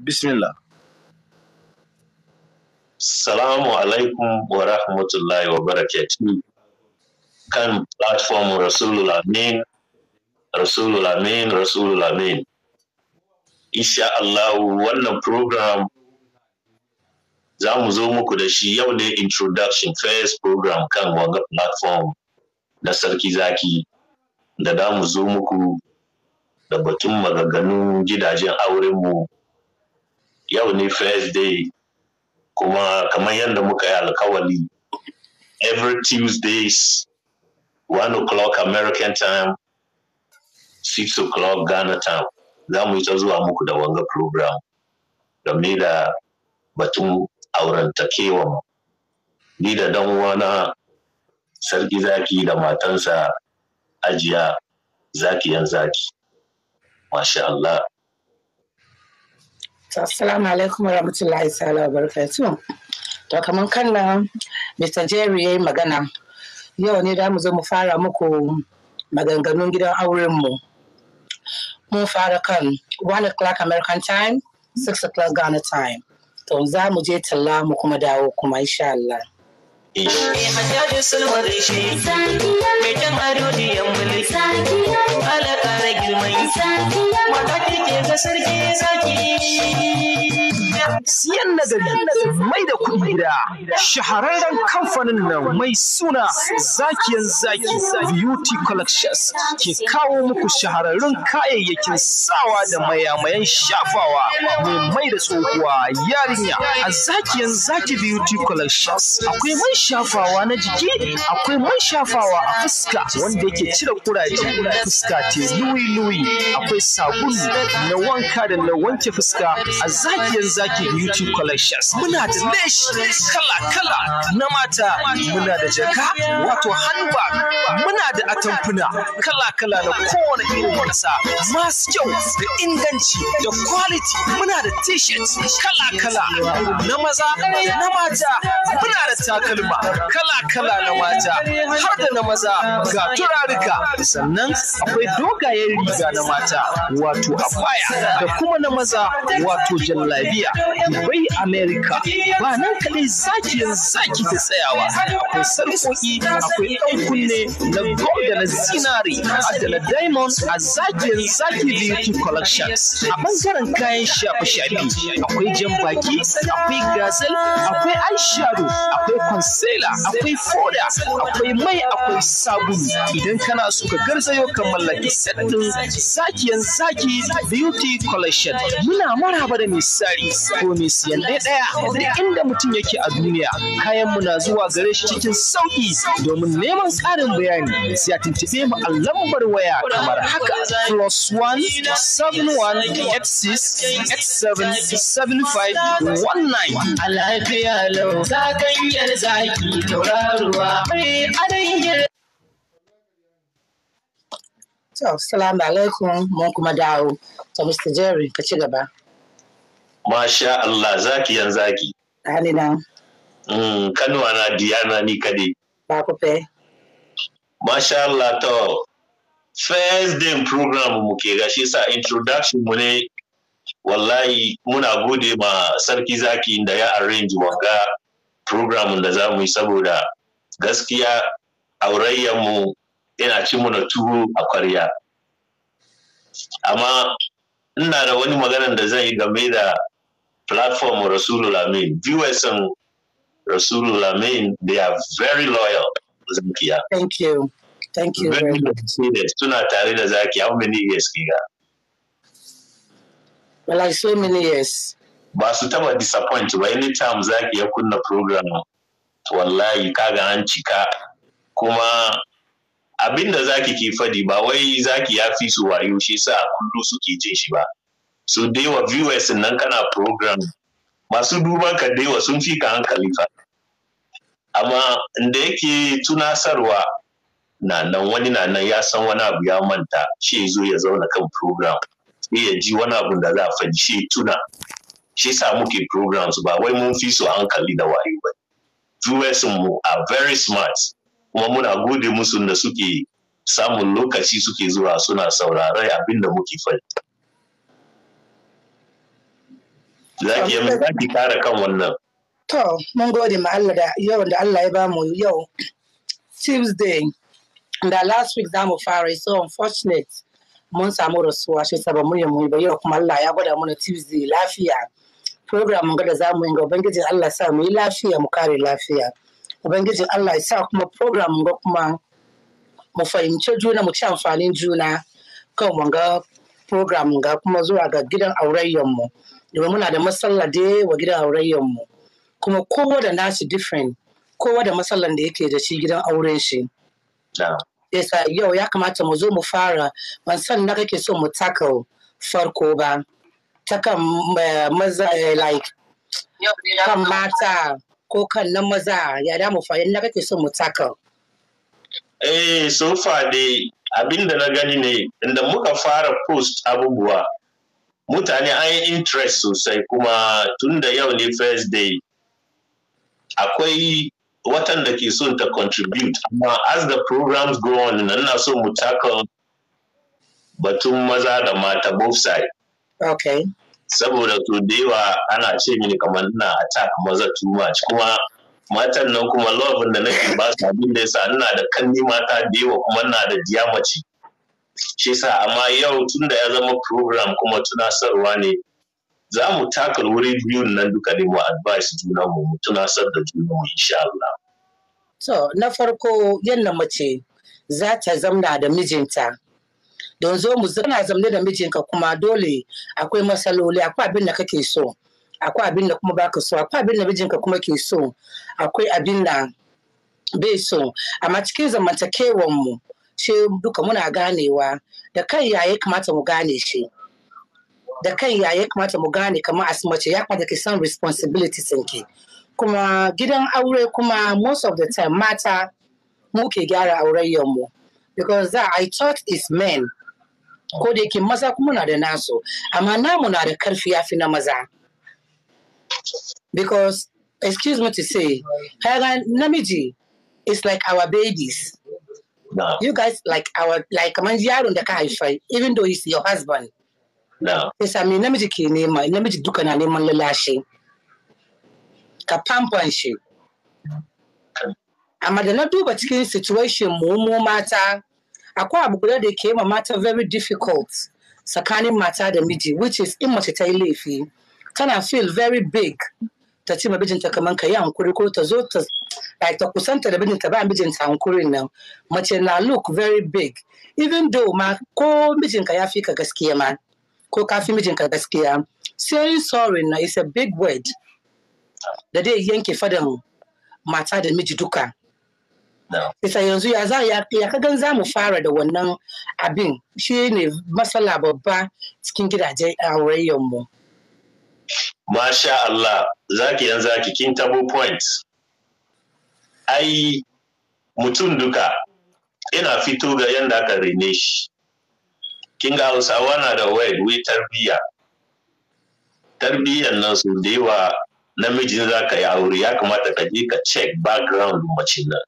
Bismillah. Salamu alaikum wa rahmatullahi wa barakatuh. Kan platform Rasulul Amin, Rasulul Amin, Rasulul Amin. Insha Allah wannan program za mu zo muku da shi yau ne introduction first program kan wanga platform na sarki zaki da da mu zo muku da batun maganganun gidajen aurenmu yau ne first day kuma kamar yadda muka yi alkawali every tuesdays one o'clock american time six o'clock ghana time za mu yi ta zuwa muku da wanga program game da batun aurantakewa ni da dan wana sarki zaki da matansa ajiya yan zaki masha Allah Assalamu alaikum warahmatullahi ta'ala wa barakatuh. To kamar kan Mr. Jerry ya yi magana. Yau ne da mu zo mu fara muku maganganun gidan auren mu. Mun fara kan 1 o'clock American time, 6 o'clock Ghana time. To za mu je talla mu kuma dawo kuma insha Allah. Eh da girman ki mata kike ga sarki zaki siyan nagari mai da kuɗi gida shahararren kamfanin nan mai suna zakiyan zaki beauty collections ke kawo muku shahararrun kayayyakin sawa da mayamayan shafawa mai mai da tsohuwa yarinya a zakiyan zaki beauty collections akwai mai shafawa na jiki akwai mai shafawa a fuska wanda yake cire kuraje fuska te luwi luwi akwai sabulu na wanka da na wanke fuska a zakiyan zaki ake beauty collections muna da lesh kala kala na mata muna da jaka wato handbag muna da atamfuna kala kala na kowane irin wasa masu kyau da inganci da quality muna da t-shirt kala kala na maza na mata muna da takalma kala kala na mata har da na maza ga turarika sannan akwai dogayen riga na mata wato abaya da kuma na maza wato jallabiya Bai Amerika, ba nan kaɗai zakiyar zaki ta tsayawa. Akwai sarƙoƙi, akwai ɗan kunne na gold da na zinari, da na diamond a zakiyan zaki beauty collection. A bangaren kayan shafe-shafe akwai jan baki, akwai gazel, akwai eyeshadow, akwai concealer, akwai foda, akwai mai, akwai sabulu. Idan kana so ka garzayo ka mallaki set ɗin zakiyan zaki beauty collection. Muna maraba da misali ko mai siyan dai ɗaya duk inda mutum yake a duniya kayan mu na zuwa gare shi cikin sauki domin neman ƙarin bayani sai a tuntuɓe mu a lambar waya kamar haka plus one seven one eight six eight seven seven five one nine. Alafiya lau zakanyar zaki tauraruwa mai adayyar To, salamu alaikum mun kuma dawo. ta Mr. Jerry, ka ci gaba. Masha Allah yan zaki. Halina. Mm, kanuwa na diyana ni kade. Ba ku fe. Masha Allah to. First day program mu ke gashi sa introduction mu ne wallahi muna gode ma sarki zaki da ya arrange wanga program da za mu yi saboda gaskiya aurayyan mu yana ci mu na tuhu a kwarya. Amma ina da wani maganar da zan yi game da platform Rasulul Amin, viewers on Rasulul Amin, they are very loyal. Thank you. Thank you very, very much. Suna tare da Zaki, how many years kika? Well, like so many years. Ba su taba disappoint ba anytime Zaki ya kunna program. Wallahi kaga an cika kuma abinda zaki ke fadi ba wai zaki ya fi su wayo shi sa kullu suke jin shi ba. so da yawa viewers nan kana program masu duban ka da yawa sun fi ka hankali fa amma da yake tunasarwa na nan wani na nan ya san wani abu ya manta shi zo ya zauna kan program sai ya ji wani abu da za a faɗi shi tuna shi sa muke programs ba wai mun fi su hankali da wayo ba viewers mu are very smart kuma muna gode musu da suke samun lokaci suke zuwa suna saurare abinda muke faɗi za ki za ki kara kan wannan to mun gode ma Allah da yau da Allah ya bamu yau Tuesday da last week za mu fara so unfortunate mun samu rasuwa shi saba mun yi mun yau kuma Allah ya gwada mana Tuesday lafiya program mun gada za mu yi ga ubangijin Allah sa mu yi lafiya mu kare lafiya ubangijin Allah ya sa kuma program mun ga kuma mu fahimci juna mu ci amfanin juna kan wanga program ga kuma zuwa ga gidan aurayyanmu mu domin muna da matsala da wa gidan aurayen mu kuma kowa da nasu different kowa da matsalan da yake da shi gidan auren shi yasa yau ya kamata mu zo mu fara ban san na kake so mu tackle farko ba ta kan eh, maza eh, like kan mata ko kan na maza ya da mu fa na kake so mu tackle eh so far dai abinda na gani ne inda muka fara post abubuwa mutane an yi interest sosai kuma tun da yau ne first day akwai watan da ke son ta contribute amma as the programs go on nan na so mu tackle batun maza da mata both side okay saboda to da yawa ana ce mini kamar ina attack maza too much kuma matan nan kuma love da nake ba su abin da yasa ina da kanni mata da yawa kuma ina da diyamaci. shi sa amma yau tun da ya zama program kuma tunasarwa ne za mu takar wuri biyu nan duka ne mu advice juna mu tunasar da mu insha Allah. To na farko yadda mace za ta zamna da mijinta don zo mu zana zamne da mijinka kuma dole akwai matsaloli akwai abin da kake so akwai abin da kuma baka so akwai abin da mijinka kuma ke so akwai abin da bai so amma cikin zamantakewan mu ce duka muna ganewa da kan ya kamata mu gane shi da kan ya kamata mu gane kamar asimace ya kamata san responsibilities ke. kuma gidan aure kuma most of the time mata muke gyara auren mu because that I thought is men ko da yake maza kuma na da nasu amma namu na da karfi ya fi na maza because excuse me to say kaga namiji is like our babies No. You guys like our like kamar the da ka haifa even though he's your husband. No. Yes, I mean let me just namiji ke nema namiji duka na neman lalashi. Ka pampan shi. Amma da na duba cikin situation mu mu mata akwai abu guda da ke ma mata very difficult Sakani mata da miji which is in mace ta yi laifi feel very big ta ce ma mijinta kamar ka yi hankuri ko ta zo ta ta kusanta da mijinta ba mijinta hankurin nan mace na look very big even though ma ko mijinka ya fi ka gaskiya ma ko ka fi mijinka gaskiya saying sorry na is a big word da dai yanke fadan mata da miji duka Isa yanzu ya za ya kagan za mu fara da wannan abin shi ne matsala babba cikin gidajen aurayyanmu. mu. Masha Allah, zaki yan zaki kin tabo point. Ai, mutum duka Ina fito ga yanda aka rene shi. Kin ga Hausawa na da wayar wai tarbiyya. Tarbiyyan nan su da yawa namijin za ka yi aure ya kamata ka je ka check background mace nan.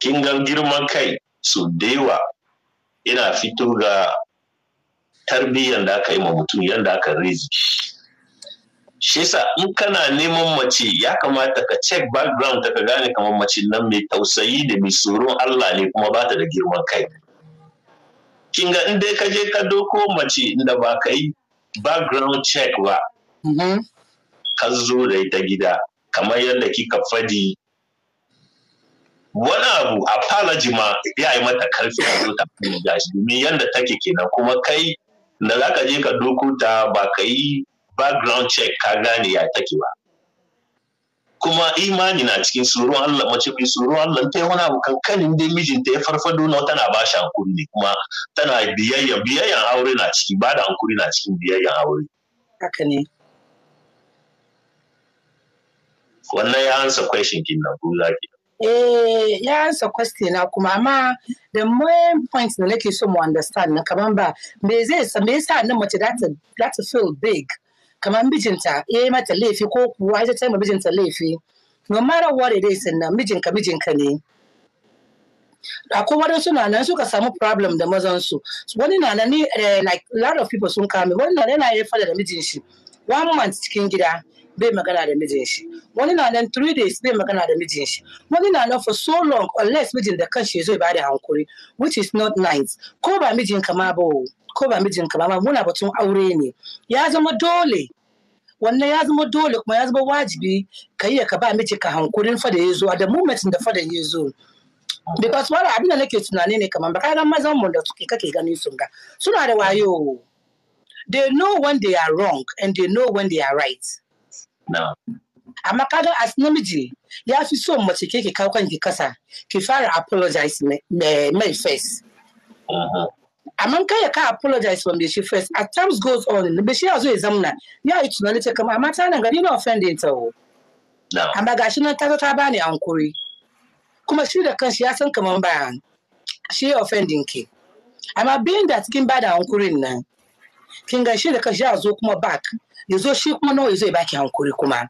Kin ga girman kai su da yawa ina fito ga tarbiyyar da aka yi ma mutum yadda aka raise shi shi yasa in kana neman mace ya kamata ka check background ta ka gane kamar mace nan mai tausayi da mai tsoron Allah ne kuma ba ta da girman kai kin ga in dai ka je ka doko mace inda ba ka yi background check ba mm-hmm. ka zo da ita gida kamar yadda kika fadi wani abu a fara ma ya yi mata karfi a zuta gashi domin yadda take kenan kuma kai da za ka je ka doko ta ba ka yi background check ka gane ya take ba kuma imani na cikin tsoron Allah mace mai tsoron Allah ta yi wani abu kankanin dai mijinta ya farfado na tana ba shi hankuri ne kuma tana biyayya biyayyan aure na ciki ba da hankuri na cikin biyayyan aure haka ne wannan ya ansa question kin nan ko zaki eh ya ansa question na kuma amma the main point da nake so mu understand na kaman ba me zai sa me yasa nan mace za ta feel big kaman mijinta e eh, yi mata laifi ko kuwa ita ta ma mijinta laifi no matter what it is na mijinka mijinka ne akwai waɗansu na nan suka samu problem da mazansu wani na nan ni eh, like lot of people sun kame wani na yana ya fada da mijin shi one month cikin gida bai magana da mijin shi wani na nan three days bai magana da mijin shi wani na nan for so long unless mijin da kanshi zai bada hankuri which is not nice ko ba mijin kama ba ko ba mijin kama ba muna batun aure ne ya zama dole wannan ya zama dole kuma ya zama wajibi ka yi ka ba miji ka hankurin fa da ya zo da moment da fa da ya zo because wala abin da nake tunani ne kamar baka ga mazan mu da suke kake ganin sun ga suna da wayo they know when they are wrong and they know when they are right amma kaga as namiji ya fi so mace ke ki kan ki kasa ki fara apologize mai face amma kai ya ka apologize from the she first as times goes on be shi zo ya zamna ya yi tunani ta kama amma ta nan gari na offending ta o amma gashi nan ta zo ta bani ankuri kuma shi da kanshi ya san kaman ba shi ya offending ki amma being that kin bada ankurin nan kin ga shi da kanshi ya zo kuma back ya zo shi kuma nawa ya zo ya baki hankuri kuma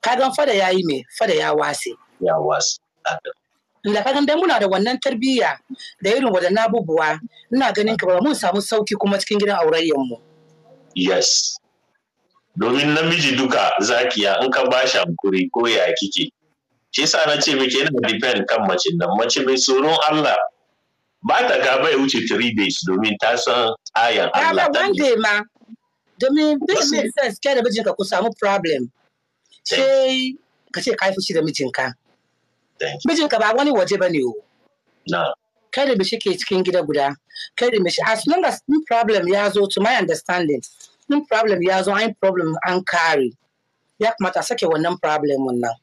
kagan fada ya yi me fada ya wase ya wase da kagan dai muna da wannan tarbiyya da irin na abubuwa ina ganin ka ba mun samu sauki kuma cikin gidan aurayyan mu yes domin namiji duka zakiya in ka ba shi hankuri ko ya kike shi yasa na ce muke yana depend kan mace nan mace mai tsoron Allah ba ta gaba ya wuce 3 days domin ta san ayan Allah wande ma domin bai mai sense kai da mijinka ku samu problem sai ka ce ka shi da mijinka mijinka ba wani waje ba ne o kai da mishi ke cikin gida guda kai da mishi as long as in problem ya zo to my understanding in problem ya zo an problem an kare ya kamata sake wannan problem wannan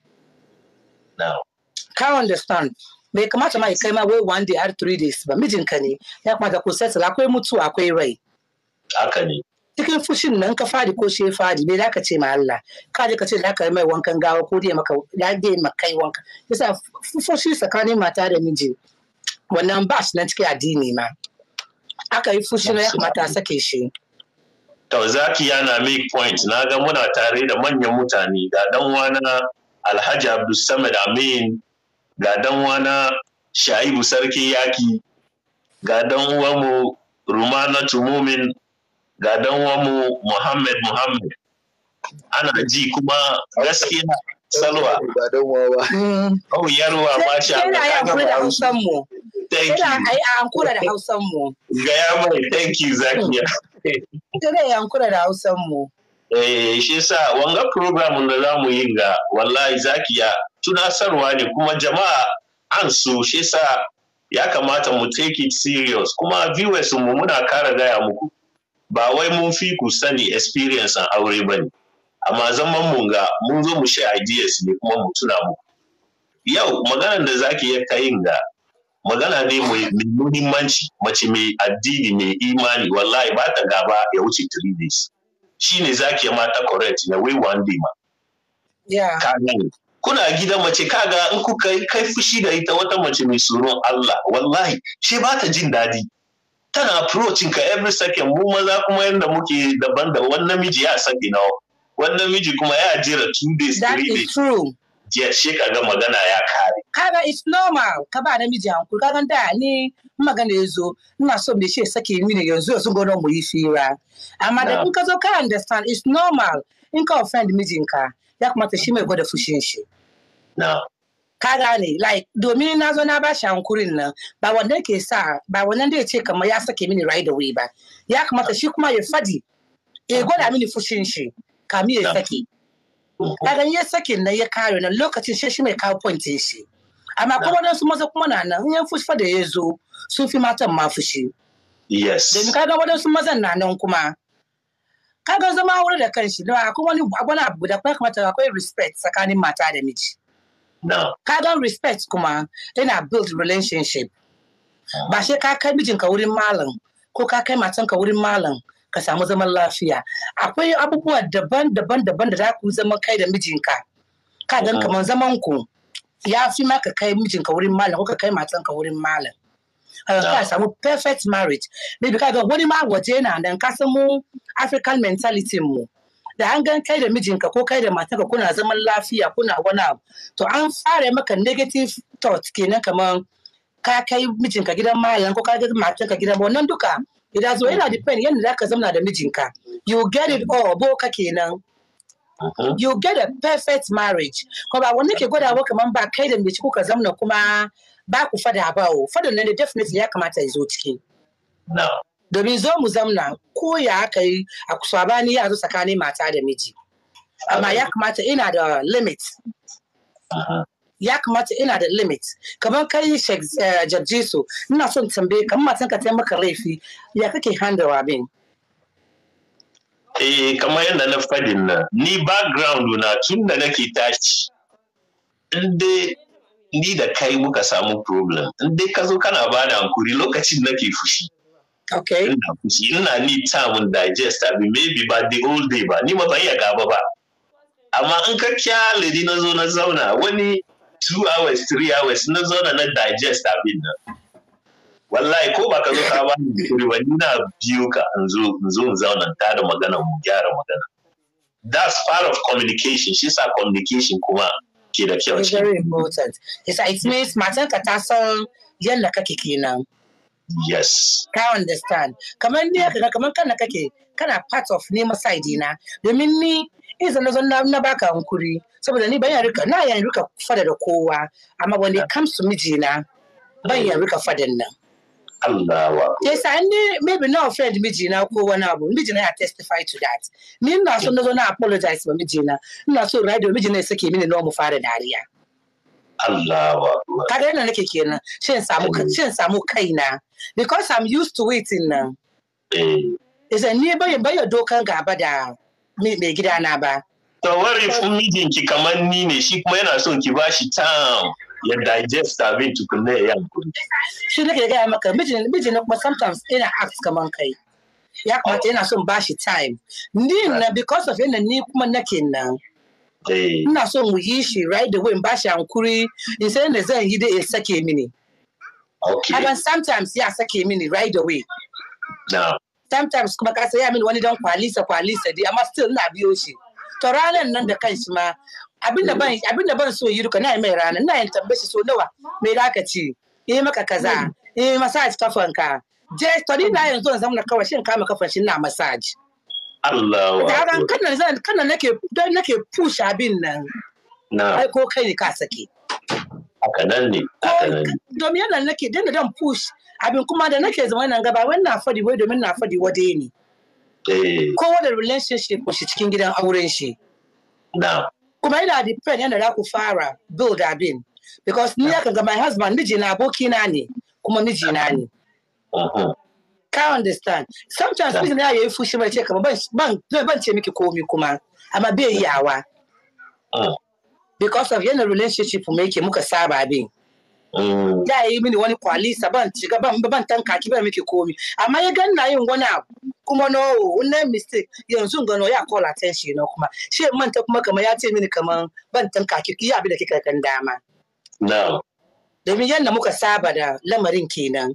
ka understand bai kamata ma kai ma wai one day har three days ba mijinka ne ya kamata ku settle akwai mutu akwai rai haka ne cikin fushin nan ka fadi ko shi fadi me zaka ce ma Allah ka je ka ce zaka yi mai wankan gawa ko dai maka ya dai maka yi wanka yasa fushi tsakanin mata da miji wannan ba shi nan cikin addini ma aka yi fushi na ya kamata sake shi to zaki yana make point na ga muna tare da manyan mutane ga dan wani Alhaji Abdulsamad Amin ga dan wani Shaibu Sarki Yaki ga dan uwanmu Rumana Tumumin. ga dan wamu Muhammad Muhammad ana ji kuma gaskiya salwa ga dan wawa oh yarwa masha Allah ka da Hausan mu thank you ai a ankura da Hausan mu ga ya mai thank you Zakiya kada ya ankura da Hausan mu eh shi yasa wanga program da zamu yi ga wallahi Zakiya tunasarwa ne kuma jama'a an su shi yasa ya kamata mu take it serious kuma viewers mu muna kara gaya muku ba wai mun fi ku sani experience an aure ba ne amma zaman mun ga mun zo mu sha ideas ne kuma mu tuna mu yau maganar da zaki ya yin ga magana ne mai muhimmanci mace mai addini mai imani wallahi ba ta gaba ya wuce three days Shi ne zaki ya mata correct na way one day ma kuna gida mace kaga in kuka kai fushi da ita wata mace mai tsoron Allah wallahi she ba ta jin daɗi tana approach ka every second mu maza kuma yadda muke daban da wani namiji ya san ina wani namiji kuma ya jira two days three days is true jiya she kaga magana ya kare kaga it's normal ka ba namiji ku kaga da ni magana ya ina so me she sake mini yanzu yanzu gona mu yi fira amma da in ka zo ka understand it's normal in ka offend mijinka ya kuma ta shi mai gwada fushin shi na ka gane like domin na zo na bashi hankurin nan ba wanda ke sa ba wannan da ya ce kamar ya sake mini right away ba ya kamata shi kuma ya fadi ya gwada mini fushin shi kamin ya sake kaga ya sake nan ya kare nan lokacin shi shi mai kawo pointin shi amma kuma dan su maza kuma na nan in ya fushi da ya zo sun fi matan ma fushi yes domin kaga wadansu mazan na nan kuma kaga zama aure da kanshi da akwai wani abu da kuma kamata akwai respect tsakanin mata da miji kagan respect kuma yana build relationship ba shi ka kai mijinka wurin malam ko ka kai matanka wurin malam ka samu zaman lafiya akwai abubuwa daban-daban daban da za ku zama kai da mijinka ka gan kamar zaman ku ya fi ma ka kai mijinka wurin malam ko ka kai matanka wurin malam ka samu perfect marriage maybe ka ga wani ma waje na nan ka san mu African mentality mu da an gan kai da mijinka ko kai da matanka kuna zaman lafiya kuna wani abu to an fara maka negative thought kenan kamar ka kai mijinka gidan mayan ko ka kai matanka gidan ba wannan duka idan zo yana depend yadda zaka zauna da mijinka you get it all boka kenan uh-huh. you get a perfect marriage ko ba wani ke ba kamar ba kai da mace kuka zauna kuma ba ku fada ba o fada nan da definitely ya kamata ya zo ciki no domin zo mu zamna ko ya aka yi a kusa sabani ya zo tsakanin mata da miji amma ya kamata ina da limit ya kamata ina da limit kamar kai su eh, ina son tambaye kamar matan ka taimaka laifi ya kake handawa bin eh kamar yadda na fadin nan ni background na tun da nake tashi inda ni da kai muka samu problem in dai ka zo kana ba da hankuri lokacin nake fushi Okay. Ina need time digest abi maybe ba the old day ba ni ba iya gaba ba. Amma in ka kyale na zo na zauna wani two hours three hours na zauna na digest abin nan. Wallahi ko ba ka zo ka ba ni ba ni na biyo ka in zo in zo in zauna ta da magana mu gyara magana. That's part of communication. Shi sa communication kuma ke da kyau. Very important. it's it means matanka ta san yadda kake kenan. Yes. Ka understand. Kamar ne kamar kana kake kana part of neman side na domin ni in zan zo na baka hankuri saboda ni ban rika na yan rika fada da kowa amma when it comes to mijina ban yan rika fadan nan. Allawa. Yes, and maybe na offend mijina ko wani abu. Mijina ya testify to that. Ni na so na zo na apologize ma mijina. Ina so radio mijina ya sake mini nawa mu fara dariya. Allah! akbar kaga yana nake kenan shin samu eh. shin samu kaina because I'm used to it nan eh. isa ni bayan bayan dokan gaba da mai na ba wari fun ki kamar ni ne shi kuma yana son ki bashi time ya digest abin tukunne ya yankuri. Shi nake gaya maka mijin kuma sometimes ina ask kaman kai. Ya kamata yana oh. son bashi time. Ni na because of yana ni kuma nake nan. Eh. ina so mu yi shi right away in ba shi hankuri in sai ne zan yi da sake mini okay hakan sometimes ya sake mini right away no. sometimes kuma ka ya mini wani dan kwalisa kwalisa dai amma still ina biyo shi to ranan nan da kanshi ma abin da ban mm. abin da ban so yi duka na yi mai ranan na yin tambaye shi so nawa me da ka ci eh maka kaza mm. eh massage kafanka je to ni na mm. yanzu zan zama kawai shin maka kafan shin na massage Allah wa. Kana zan kana nake dan nake push abin nan. Na. Ai ko kai ne ka sake. Haka nan ne. Haka nan ne. Domin yana nake dan dan push abin kuma da nake zama nan gaba wannan fadi wai domin na fadi wade ne. Eh. Kowa da relationship shi cikin gidan auren shi. Na. Kuma yana depend yana da ku fara build abin. Because ni ya ga my husband miji na abokina ne kuma miji na ne. Uh-huh. ka understand sometimes mijin ya yi fushi mai ce kamar ban ban ce miki komi kuma amma bai yawa ah. because of yana relationship mu yake muka saba bin mm. ya yi mini wani kwalisa ban shiga ban ban tanka ki bai miki komi amma ya gan na yin wani abu kuma no wannan mistake yanzu gano ya call attention na kuma shi manta kuma kamar ya ce mini kama ban tanka ki y'a abin da kika kan dama no domin yadda muka saba da lamarin kenan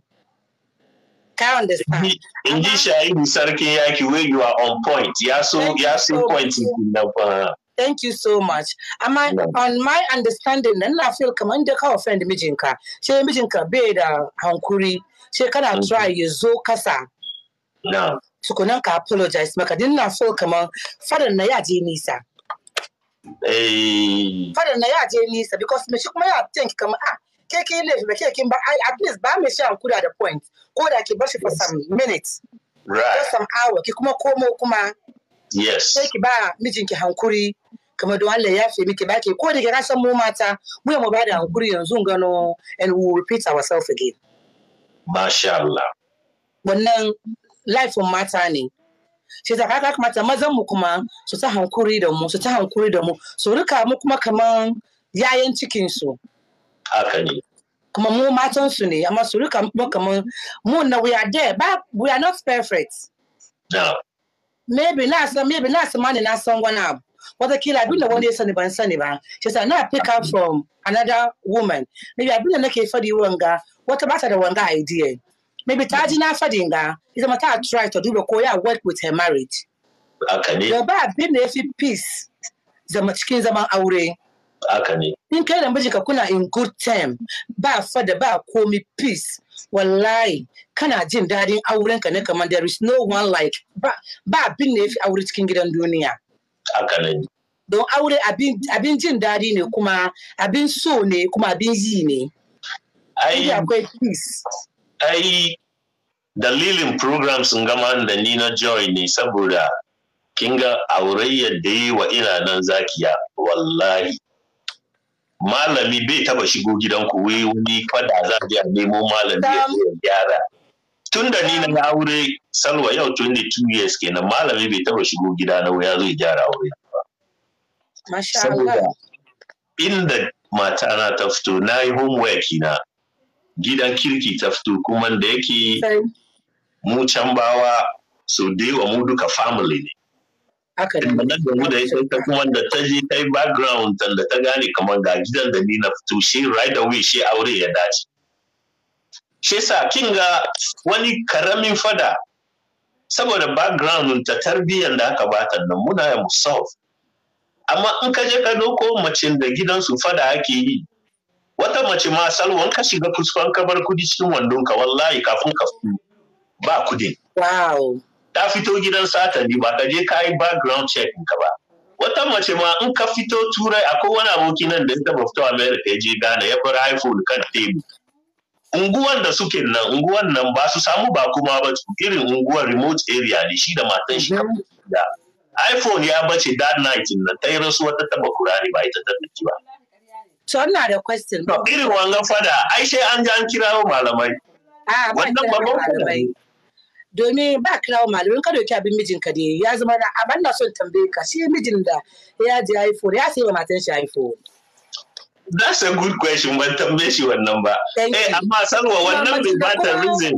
ka understand in ji shahidu sarkin yaki where you are on point ya so ya so point na ba Thank you so much. Amma yeah. on my understanding nan na feel kamar da ka offend mijinka. She mijinka bai da hankuri. She kana try ya zo kasa. No. Tukunan ka apologize maka. Din na feel kamar fadan na ya je nisa. Eh. Fadan na ya je nisa because me shi kuma ya think kamar ah ke ki late ba ke kin ba at least ba mai sha kuda da point ko da ki bashi for some minutes right for some hour ki kuma komo kuma yes sai ki ba ki hankuri kamar don Allah ya fi miki baki ko da kira san mu mata mu mu ba da hankuri yanzu gano and we will repeat ourselves again masha Allah wannan life mata ne shi ta kaka mata mazan mu kuma su ta hankuri da mu su ta hankuri da mu su rika mu kuma kaman yayan cikin su I ne kuma mu matan we are there but we are not perfect no maybe na san maybe na san mani na san wani abu watakila abin da wani ya sani ban sending ba shi sa na pick up from another woman maybe abin da nake fadi What about the one guy idea maybe ta ji the guy. Is ita matter ta try to do the koya work with her marriage I can. da ba abin da ya fi peace zama cikin zaman aure haka ne in kai da mijinka kuna in good time ba fada ba komi peace wallahi kana jin dadin aurenka na kamar there is no one like ba abin da ya fi aure cikin gidan duniya haka ne don aure abin jin dadi ne kuma abin so ne kuma abin yi ne ai akwai peace ai dalilin programs gama da ni na join ne saboda kinga ga aurayyar da yi wa ina nan zakiya wallahi malami bai taba shigo gidanku wai wani fada za a nemo malami ya gyara tun da ni na aure salwa yau 22 years kenan malami bai taba shigo gida na ya zo gyara aure ba saboda inda mata na ta fito na yi homework na gidan kirki ta fito kuma da yake mu can bawa so da mu duka family ne haka ne wannan domin da ita ta kuma da ta je ta yi background da ta gane kamar ga gidan da ni na fito shi right away shi aure ya dace shi sa kin ga wani karamin fada saboda background ta tarbiyyar da aka bata nan muna ya musaf amma in ka je ka doko mace da gidansu fada ake yi wata mace ma salwan ka shiga kuskon ka bar kudi cikin wandonka wallahi kafin ka ba kudin ta fito gidan sata ne ba ka je ka yi background check ka ba wata mace ma in ka fito turai akwai wani aboki nan da ita fito america ya je ghana ya bar iphone kan tebur unguwan da suke nan unguwan nan ba su samu ba kuma ba irin unguwar remote area ne shi da matan shi da iphone ya bace that night nan ta yi rasu wata taba ne, ba ita ta ba to ina da question irin wangan fada ai sai an ji an kirawo malamai ah, wannan babban malamai domin ba kirawo malamin ka dauki abin mijinka dai ya zama na abin da son tambaye ka shi mijin da ya ji haifo ya sai matan shi haifo That's a good question ban tambaye shi wannan ba. Eh amma sanwa wannan bai ba ta reason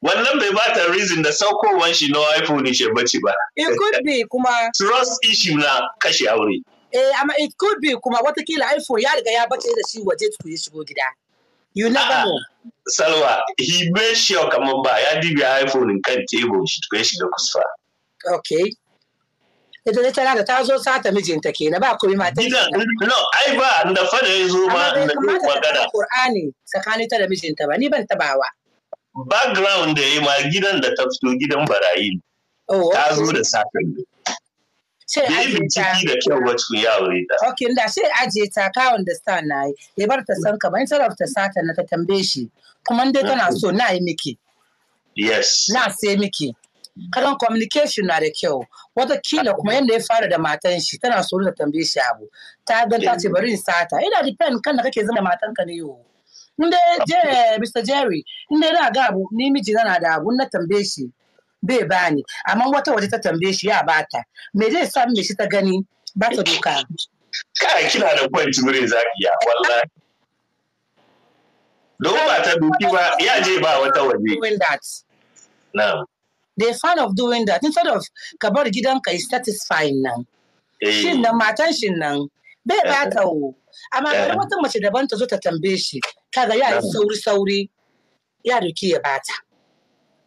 wannan bai ba ta reason da saukowar shi na haifo ne shi bace ba. It could be kuma trust issue na kashe aure. Eh amma it could be kuma watakila haifo ya riga ya bace da shi waje tukuye shigo gida. You never ah, know. Salwa, he made sure kaman ba ya dibi iPhone kan tebur shi tukai shi da kusfa. Okay. Ita da tana da ta zo sata mijinta ke na ba ku komai matan. Gidan no ai ba da fada ya zo ma da magana. Qur'ani tsakanin ta da mijinta ba ni ban tabawa. Background da yayi ma gidan da ta fito gidan barayi. Oh, ta zo da sata. ne. sai aje ta da kyau wacce ya ajiye ta okay da sai aje ta ka understand na yi ya bar ta san kamar instead of ta sata na ta tambaye shi kuma dai tana so na yi miki yes na sai miki karan communication na da kyau wata kila kuma yadda ya fara da matan shi tana so ta tambaye shi abu ta ga ta ce bari in sata ina depend kan da kake zama matanka ne yau inda je Mr. Jerry inda yana ga abu ni miji na da abu na tambaye shi bai bani amma wata waje ta tambaye shi ya bata me zai sa me shi ta gani ba ta doka kai kina da kwanci zure zakiya wallahi don ba ta doki ba ya je ba wata waje Na. they fan of doing that instead of ka bar gidanka is satisfying nan eh. shin nan matan shin nan bai eh. ba ta wo amma kada eh. wata mace daban ta zo ta tambaye shi kaga ya yi sauri sauri ya doki ya bata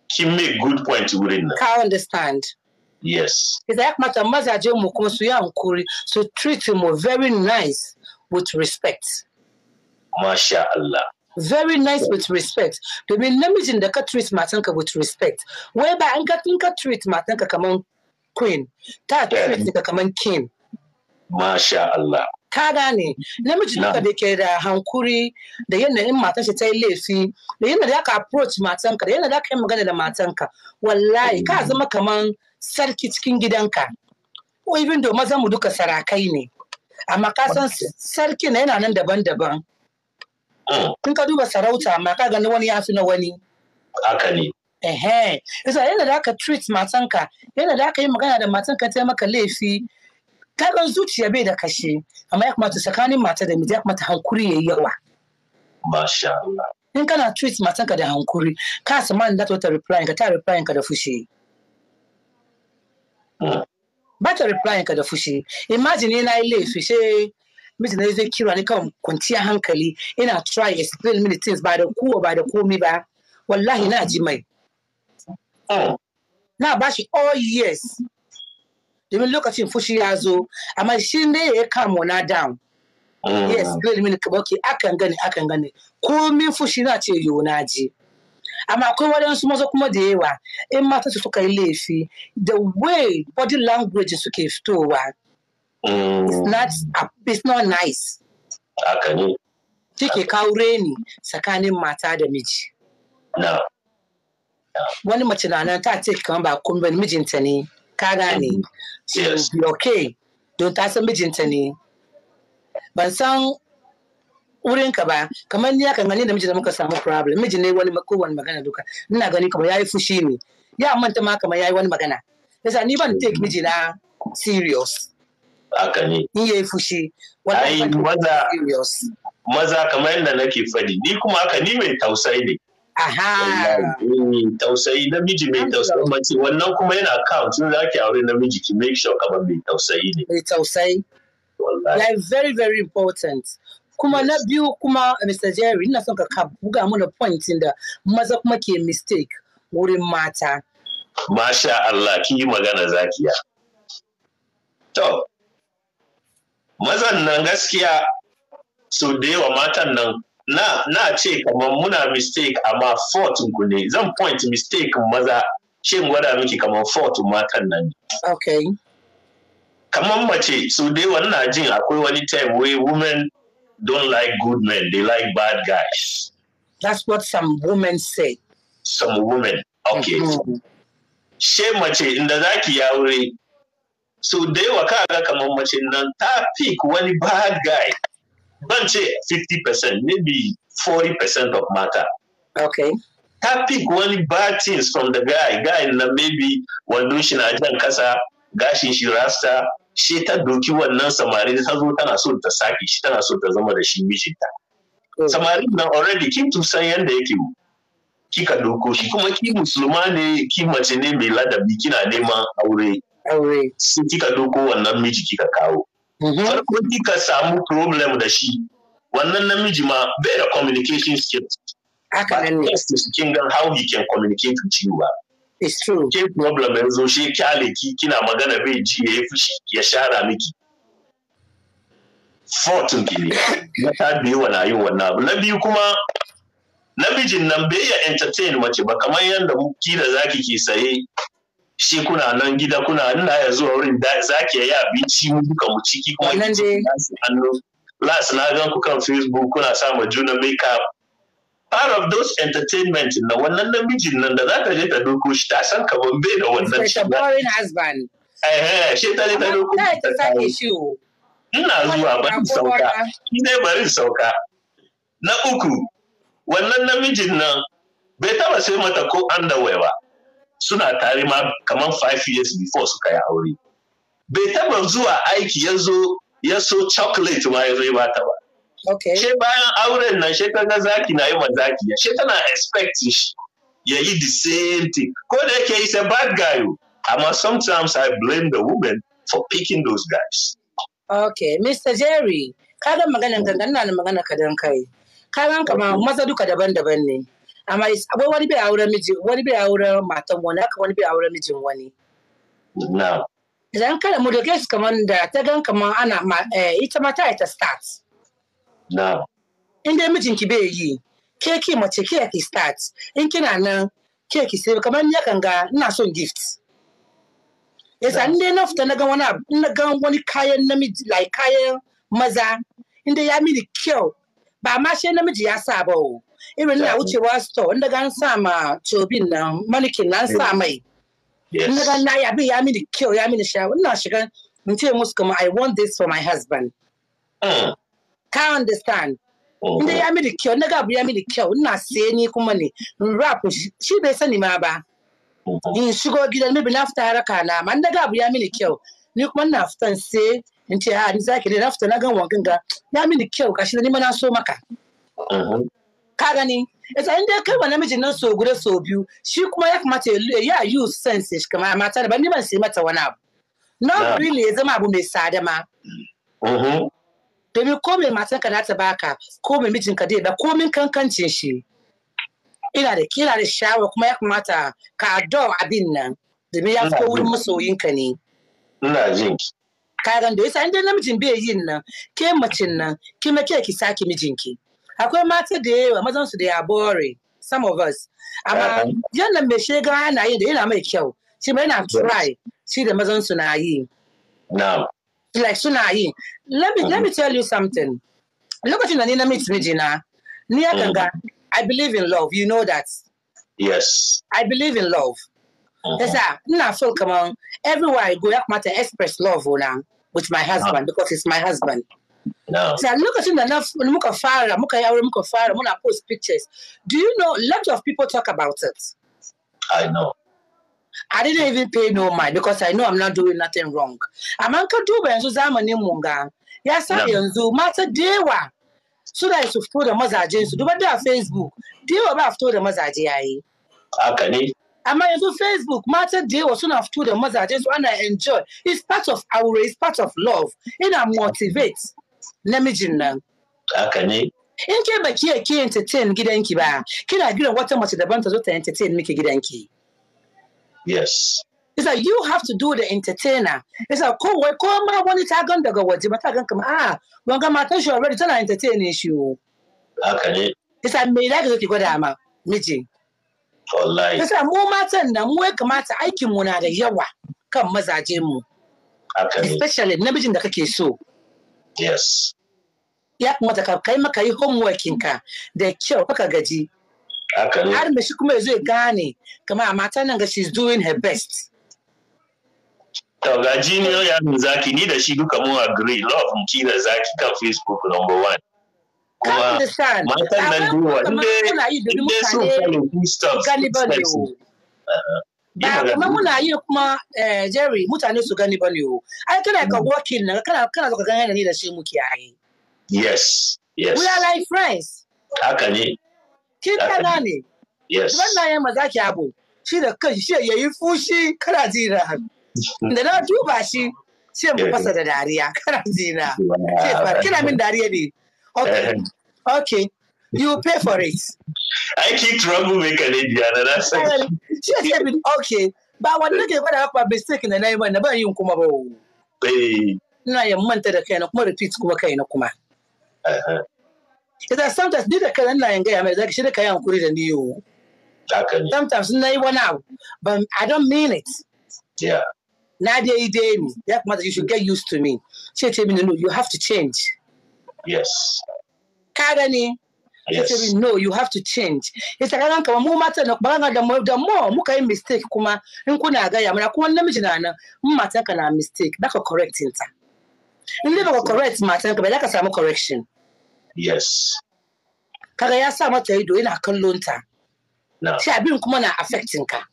Ki make good point wurin nan. Ka understand. Yes. Isa ya kamata mazaje mu kuma su yi hankuri su treat mu very nice with respect. Masha Allah. Very nice with respect. Domin namijin da ka treat matanka with respect. Wai ba an ka ka treat matanka kaman queen, ta treat eh. ka kaman king. Masha Allah. ka gane namiji duka da ke da hankuri da yanayin matan shi ta yi laifi da yanayin da aka approach matanka da yanayin da aka yi magana da matanka wallahi ka mm. zama kaman sarki cikin gidanka ko even do maza mu duka sarakai ne amma ka san sarki na yana nan daban-daban kun mm. ka duba sarauta amma ka gani wani ya fi na wani haka ne ehe isa yana da aka treat matanka yana da aka yi magana da matanka ta maka laifi karan zuciya bai da kashe amma ya kamata tsakanin mata da miji ya kamata hankuri yi yawa masha Allah in kana tweet matanka da hankuri ka man da ta reply ka ta reply ka da fushi mm. ba ta reply ka da fushi imagine na yi laifi sai miji na zai kira ni kan kwanciyar hankali ina try explain mini things ba da kowa ba da komi ba wallahi na ji mai mm. na ba shi all years domin lokacin fushi ya zo amma shi ne ya kamo na down ah. yes great mini kaba ke akan gani akan gani komin fushi na ce yona ji amma akwai waɗansu maza kuma da yawa in mata su suka yi laifi the way body language suke fitowa it's ah. not it's not nice haka ne kawo reni tsakanin mata da miji wani mace na nan ta ce kamar ba kumbin mijinta ne ka gane mm-hmm. so bloke don ta san mijinta ne ban san wurin ka ba kamar ni kan gani da mijin da muka samu problem mijin ne wani kowane magana duka ina gani kamar yayi fushi ne ya manta ma kamar yayi wani magana yasa ni ban take mm-hmm. mijina serious haka ne ni yayi fushi wani maza maza kamar yadda nake fadi ni kuma haka ni mai tausayi ne tausayi namiji mai tausayi mace wannan kuma yana count tun za ki aure namiji ki make sure kamar mai tausayi ne. Mai tausayi. Wallahi. Like very very important. Kuma na biyu kuma Mr. Jerry ina son ka ka buga mana point din da maza kuma ke mistake wurin mata. Masha Allah ki yi magana zakiya. To, mazan nan gaskiya sau da yawa matan nan na na ce kamar muna mistake amma fort ku ne zan point mistake maza shin gwada miki kamar fort matan nan okay kamar mace su dai wannan jin akwai wani time where women don't like good men they like bad guys that's what some women say some women okay mm -hmm. she mace inda zaki ya wuri so dai yawa kaga kamar mace nan ta pick wani bad guy ban ce 50% maybe 40% of mata okay ta pick wani bad things from the guy guy na maybe wando shi na jan kasa gashin shi rasta shi ta doki wannan samari ta zo tana so ta sake shi tana so ta zama da shi mijinta mm. Samari nan already kin san yanda yake kika doko shi kuma ki musulma ne ki mace ne mai ladabi kina neman aure aure sun kika doko wannan miji kika kawo farko mhm. ka samu problem da shi wannan namiji ma bai da communication skills haka nan ne kin gan how he can communicate with you ba it's true ke problem yanzu shi kyale ki kina magana bai ji ya yi fushi ya shara miki fortun ki ne na ta biyu wa na yin wannan abu na biyu kuma namijin nan bai ya entertain mace ba kamar yadda da zaki ke saye shi kuna nan gida kuna nuna ya zuwa wurin za ki yi abinci mu duka mu ciki kuma ki ci hannu last na gan ku kan facebook kuna sa ma juna makeup part of those entertainment na wannan namijin nan da za ta je ta doko shi ta san ka ban da wannan shi ba boring husband eh shi ta je ta doko shi ta sake shi ina zuwa bari sauka shi dai bari sauka na uku wannan namijin nan bai taba sai mata ko underwear ba suna tare ma kamar five years before suka yi aure bai taba zuwa aiki ya zo ya so chocolate ma ya zo ba ba she bayan auren nan she kaga zaki na yi zaki ya she tana expecting shi ya yi the same thing ko da yake is a bad guy amma sometimes I blame the woman for picking those guys Okay, Mr. Jerry, ka ga maganin gangan na magana ka dan kai. Ka gan kama maza duka daban-daban ne. amma akwai wani bai aure miji wani bai aure matan wani haka wani bai aure mijin wani Na. idan kada mu doke su kamar da ta gan kamar ana eh, ita ma ta yi ta start in dai mijinki bai yi ke ki mace ke ki start in kina nan ke ki sai kamar ya kan ga ina son gift yasa in dai na fita na gan wani na ga wani kayan namiji like kayan maza inda ya mini kyau ba ma sai namiji ya sa ba o irin na wucewa store inda gan sa ma cobin nan manikin nan sa mai na gan na ya ya mini kyau ya mini sha ina shiga in ce musu kuma i want this for my husband ah. ka understand oh. inda ya mini kyau na gabu ya mini kyau ina sai ni kuma ne in rap shi bai sani ma ba in shigo gidan mibi na fita haraka na ma na gabu ya mini kyau ni kuma na fitan sai in ce ha ah, ni zaki ne na fita na gan wangan ga ya mini kyau kashi da ni ma na so maka ka gani ita in ya kai wa namiji nan so guda so biyu shi kuma ya kamata ya yi sense shi kamar mata da ban ni sai mata wani abu na really ya zama abu mai sada ma mm-hmm. domin ko mai matan ka ta baka ko mai mijin ka dai da komin kankancin shi ina da kira da shawa kuma ya kamata ka adore abin nan domin ya fi wurin ka ne ina jin ka da yasa in dai namijin bai yin nan ke macin nan kima ke ki saki mijinki akwai da yawa mazan su da ya bore some of us amma yadda mai shiga yana yi da yana mai kyau shi mai na try shi da mazan su na yi no like suna yi let me let me mm-hmm. tell you something lokacin da ni na meet mijina ni ya mm-hmm. ganga I believe in love you know that yes I believe in love yasa Now, so on. everywhere I go I have to express love oh, with my uh-huh. husband because it's my husband no. So lokacin da na muka fara muka yi aure muka fara muna post pictures. Do you know a lot of people talk about it? I know. I didn't even pay no mind because I know I'm not doing nothing wrong. Amma ka duba yanzu zamanin mu ga ya sa yanzu mata dewa suna su fito da mazajen su duba da Facebook dewa ba fito da mazaje yayi. Haka ne. Amma yanzu Facebook mata dewa suna fito da mazajen su ana enjoy. It's part of our. it's part of love. Ina motivate. namijin nan. Haka ne. In ke ba ki ki entertain gidanki ba, kina gidan wata mace daban ta zo ta entertain miki gidanki. Yes. It's like you have to do the entertainer. It's like kowai ko ma wani ta gan daga waje ba ta gan kama, ah ban ga matan shi already tana entertaining shi o. Haka ne. It's like me da ka ki gwada ma miji. Wallahi. It's like mu matan nan mu ya kamata aikin mu na da yawa kan mazaje mu. Haka ne. Especially namijin da kake so. Yes. Ya kuma ta kai maka yi homeworkin ka da kyau kaka gaji. Har mai shi kuma ya zo ya gane kama mata nan ga she's doing her best. To gaji jiniyo ya min zaki ni da shi duka mun agree love mu ki da zaki kan Facebook number one. Kuma matan nan duwa inda sun kalli food stuff. ba kuma muna yi kuma eh, jerry mutane su gani ba ne o ai kana ka mm. working na kana kana zo ka gani ne da shi muke yayi yes yes we are like friends haka ne kin kana ne yes wannan maza ki abu shi da kan shi yayi fushi kana ji da da na duba shi sai mu fasa eh. da dariya kana ji na kina min dariya ne okay eh. okay you pay for it. I keep troublemaker ne Diana, na san. said, okay. But okay, ba get ke gwada ba mistake na nayi ba na ba yin kuma ba. Eh. Ina ya manta da kaina kuma repeat kuma kaina kuma. that sometimes ni da kaina ina yin is mai zaki shi da kayan hankuri da ni Sometimes na yi out, but I don't mean it. Yeah. Nadia, you did ni, ya kamata you should get used to me. She ce mini you have to change. Yes. Ka gani? yes. ya no you have to change ya ce ranar kamar mu mata na kuma ranar da mo muka yi mistake kuma in kuna gaya mana kuma namiji na nan in matan ka mistake da ka correcting ta in dai correct matan ka bai za ka correction yes kaga ya sa mata ido ina kallon ta shi abin kuma na affecting ka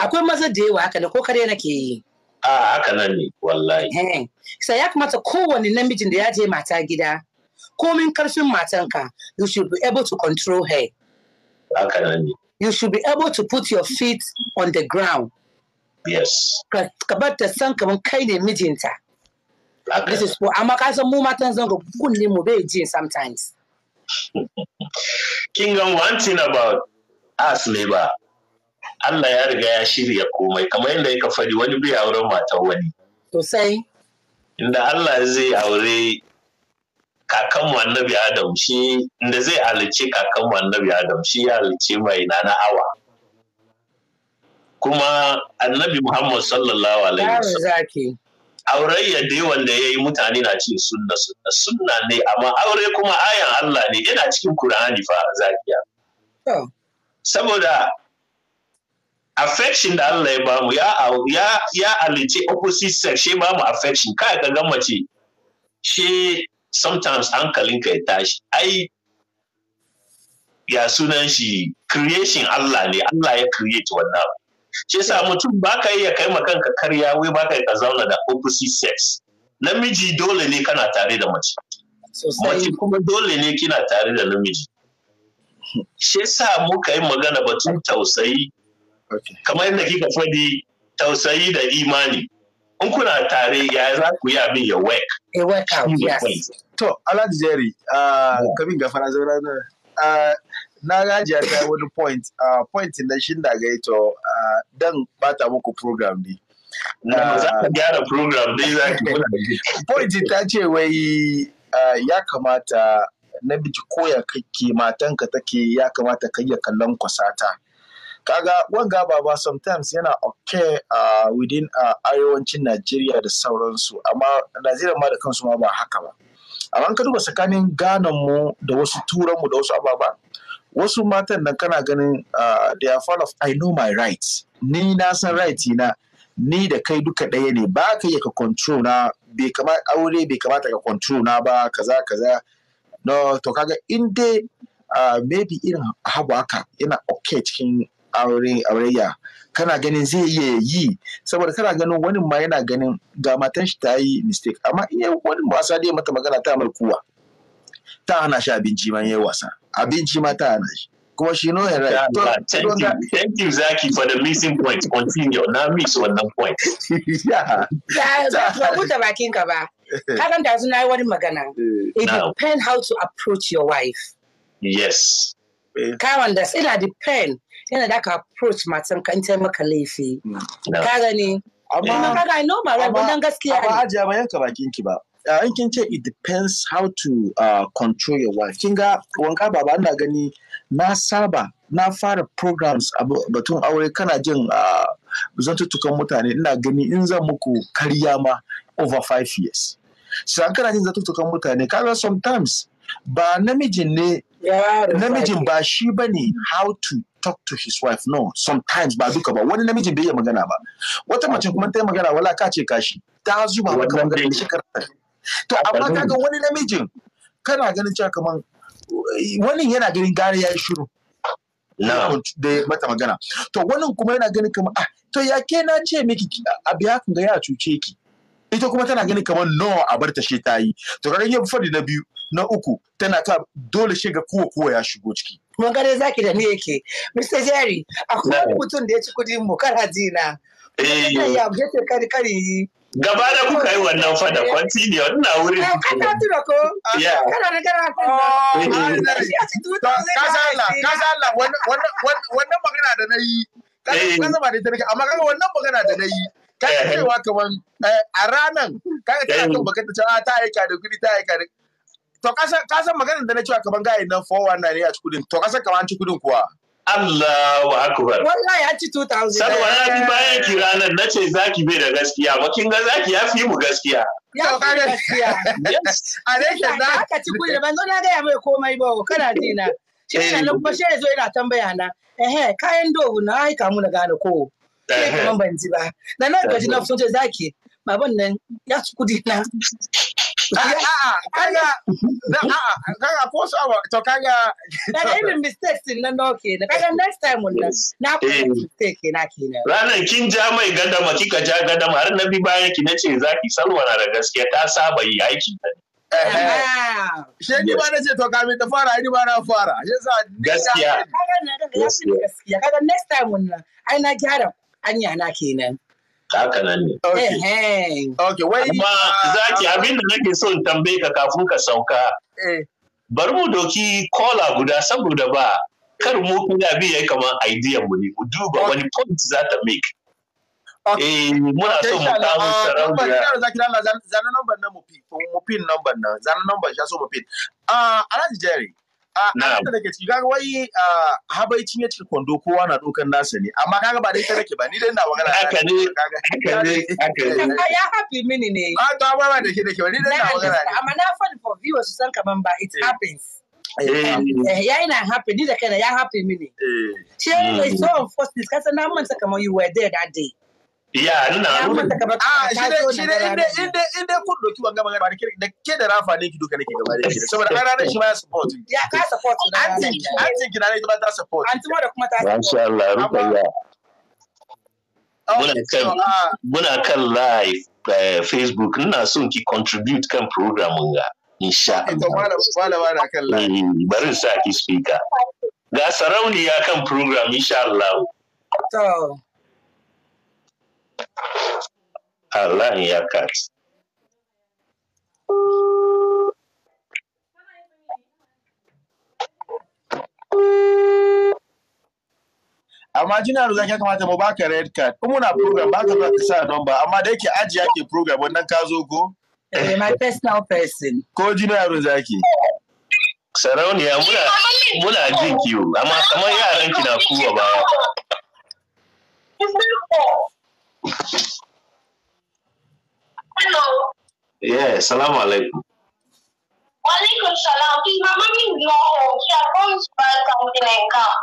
akwai maza da yawa haka da ko kare nake yi a ah, haka nan ne wallahi eh. sai ya kamata kowane namijin da ya je mata gida komin karfin matanka you should be able to control her haka you should be able to put your feet on the ground yes ka bar ta san kaman kai ne mijinta this is amma ka san mu matan zanga kunne mu bai ji sometimes kin ga one thing about us ne ba Allah ya riga ya shirya komai kamar yadda yaka fari wani bai auren matan wani sai. inda Allah zai aure Kakan annabi adam shi inda zai halicci kakan annabi adam shi ya halicci mai na na kuma annabi muhammad sallallahu alaihi wasallam aurayya dai wanda ya yi mutane na ce sunna sunna sunna ne amma aure kuma ayan allah ne yana cikin kur'ani fa zakiya saboda affection da allah ya bamu ya ya ya halicci opposite sex shi bamu affection kai ka ga mace shi sometimes hankalinka ya tashi ai ya sunan shi creation Allah ne Allah ya create wannan abu shi sa mutum ba ka iya kai kanka karya wai ba ka ka zauna da opposite sex namiji dole ne kana tare da mace mace kuma dole ne kina tare da namiji shi yasa muka yi magana batun tausayi kamar yadda kika faɗi tausayi da imani in kuna tare ya za ku yi abin ya work. A work out, yes. To, Alhaji Jerry, uh, kamin gafara zaura uh, na na gajiya ta wani point, uh, point na shi da gaito dan bata muku program ne. Na za ka gyara program ne za ki Point ta ce wai ya kamata namiji koya kake matanka take ya kamata kayyakan lankwasa kallon kwasata. kaga wanga baba sometimes yana okay uh, within uh, arewacin Najeriya da sauransu amma Najeriya ma da kansu ma ba haka ba amma ka duba tsakanin ganan mu da wasu turan mu da wasu ababa wasu matan nan kana ganin uh, they are full of I know my rights ni na san rights na ni da kai duka ɗaya ne ba ka iya ka control na bai kamata aure bai kamata ka control na ba kaza kaza no to kaga in dai uh, maybe irin habu haka yana okay cikin aure aurayya kana ganin zai iya yi saboda kana ganin wani ma yana ganin ga matan shi ta yi mistake amma iya wani wasa dai mata magana ta markuwa ta hana shi abinci ma yayi wasa abinci ma ta hana shi kuma shi no yana yeah, to, thank, to, you, you Zaki for the missing point continue na miss wannan point Ya ta huta bakin ka ba karan da na yi wani magana eh. it depend how to approach your wife yes Kawan da ina depend yana da ka approach matan ka in taimaka laifi mm. ka gani amma ka gani normal right wannan gaskiya ne amma ajiya ba yanka bakin ki ba ah, in kin ce it depends how to uh, control your wife kin ga wanka baba ina gani na saba na fara programs a batun aure kana jin zan ah, zantuttukan mutane ina gani in zan muku karya ma over five years sai an kana jin zantuttukan mutane kaga sometimes ba namijin ne namijin ba shi ba ne how to talk to his wife no sometimes ba duka ba wani namiji bai yi magana ba wata mace kuma ta yi magana wala ka ce kashi ta zuba maka magana da shekara to amma kaga wani namijin kana ganin cewa kaman wani yana ganin gane ya yi shiru da mata magana to wani kuma yana ganin kaman ah to ya ke na ce miki a biya kun ga ya cuce ki ita kuma tana ganin kaman no a bar ta she ta yi to kaga yin fadi na biyu na uku tana ka dole shiga kowa kowa ya shigo ciki mun gane zaki da ni yake mr jerry akwai wani mutum da ya ci kudin mu kar hazina eh. ya ya ce kari kari yi gaba da kuka yi wannan fada eh. continue na wurin eh, kana tura ko ah, kana da gara kasala kasala wannan magana da nayi kan zama da ita nake amma kaga wannan magana da nayi kaga cewa kaman a ranan kaga kana kan baka ta ah, ta aika da kudi ta aika da to ka san maganar da na cewa kaman gaya nan 419 ne a cikudin to ka san kaman cikudin kuwa Allahu akbar. Wallahi ya ci 2000. Salwa ya bi bayan ki ranar na ce zaki bai da gaskiya ba kin ga zaki ya fi mu gaskiya. Ya fi gaskiya. A ne ke za. ka ci kudi ban zo na gaya mai komai ba kana dina. Shi ne eh. nan ba shi zo yana tambaya na. Ehe kayan dogo na ai kamu na gane ko. Sai kaman ban ji ba. Da na gaji na sun ce zaki baban nan ya ci kudi na. a'a kaga dan a'a to irin next time na eh. mistake kin ja mai gadama kika ja gadama har na bi bayan ki ce zaki salwara da gaskiya ta saba yi aiki She ba na ce to kamin ta fara ni ba na fara. Gaskiya. Gaskiya. Kaga next time wannan ai na gyara anya na kenan. haka nan ne. Ok, wai. Amma zaki uh, abin da nake son tambaye ka kafin ka sauka. Eh. Bari mu doki kola guda saboda ba kar mu kuna bi yayi kamar idea mu ne mu duba wani point za ta make. Eh muna so mu kawo sarauniya. Zana Zan na mu pin, mu pin number na, zana number shi so mu pin. Ah, uh, Alhaji Jerry. a da daga ciki kaga wai habaicin ya cika kwando kowa na dokan nasa ne amma kaga ba dai ta nake ba ni dai na magana haka ne haka ne haka ne ya happy mini ne a to ba ba da ke da ke ni dai na magana ne amma na fadi for viewers su san kaman ba it eh. happens eh. Eh, ya ina happy ni da kaina ya happy mini she so unfortunate kasa na manta kaman you were there that day ya nuna nuna ah, a shi ne shi ne inda inda inda kun doki wanga magana da da ke da rafa ne ki duka nake gaba da shi saboda an ranar shi ma ya support ya ka support an tinki an tinki ne ita ba ta support an tuma da kuma ta support masha Allah rubaya oh, muna kan ah. muna kan live eh, Facebook ina son ki contribute kan program ga insha Allah malama kan live mm, bari sa ki speaker ga sarauniya kan program insha Allah to Allah ya kaci. amma jina da zaki kamata mu baka red card in na program baka zuwa ka sa number amma da yake aji yake program wannan ka zo ko eh, my personal person ko jina yaro zaki sarauniya muna muna jin kiwo amma kamar yaran ki na kuwa ba Hello. Yeah, salam alaikum. Walaikum salam. Please, my mommy is not home. She has gone to buy something and come.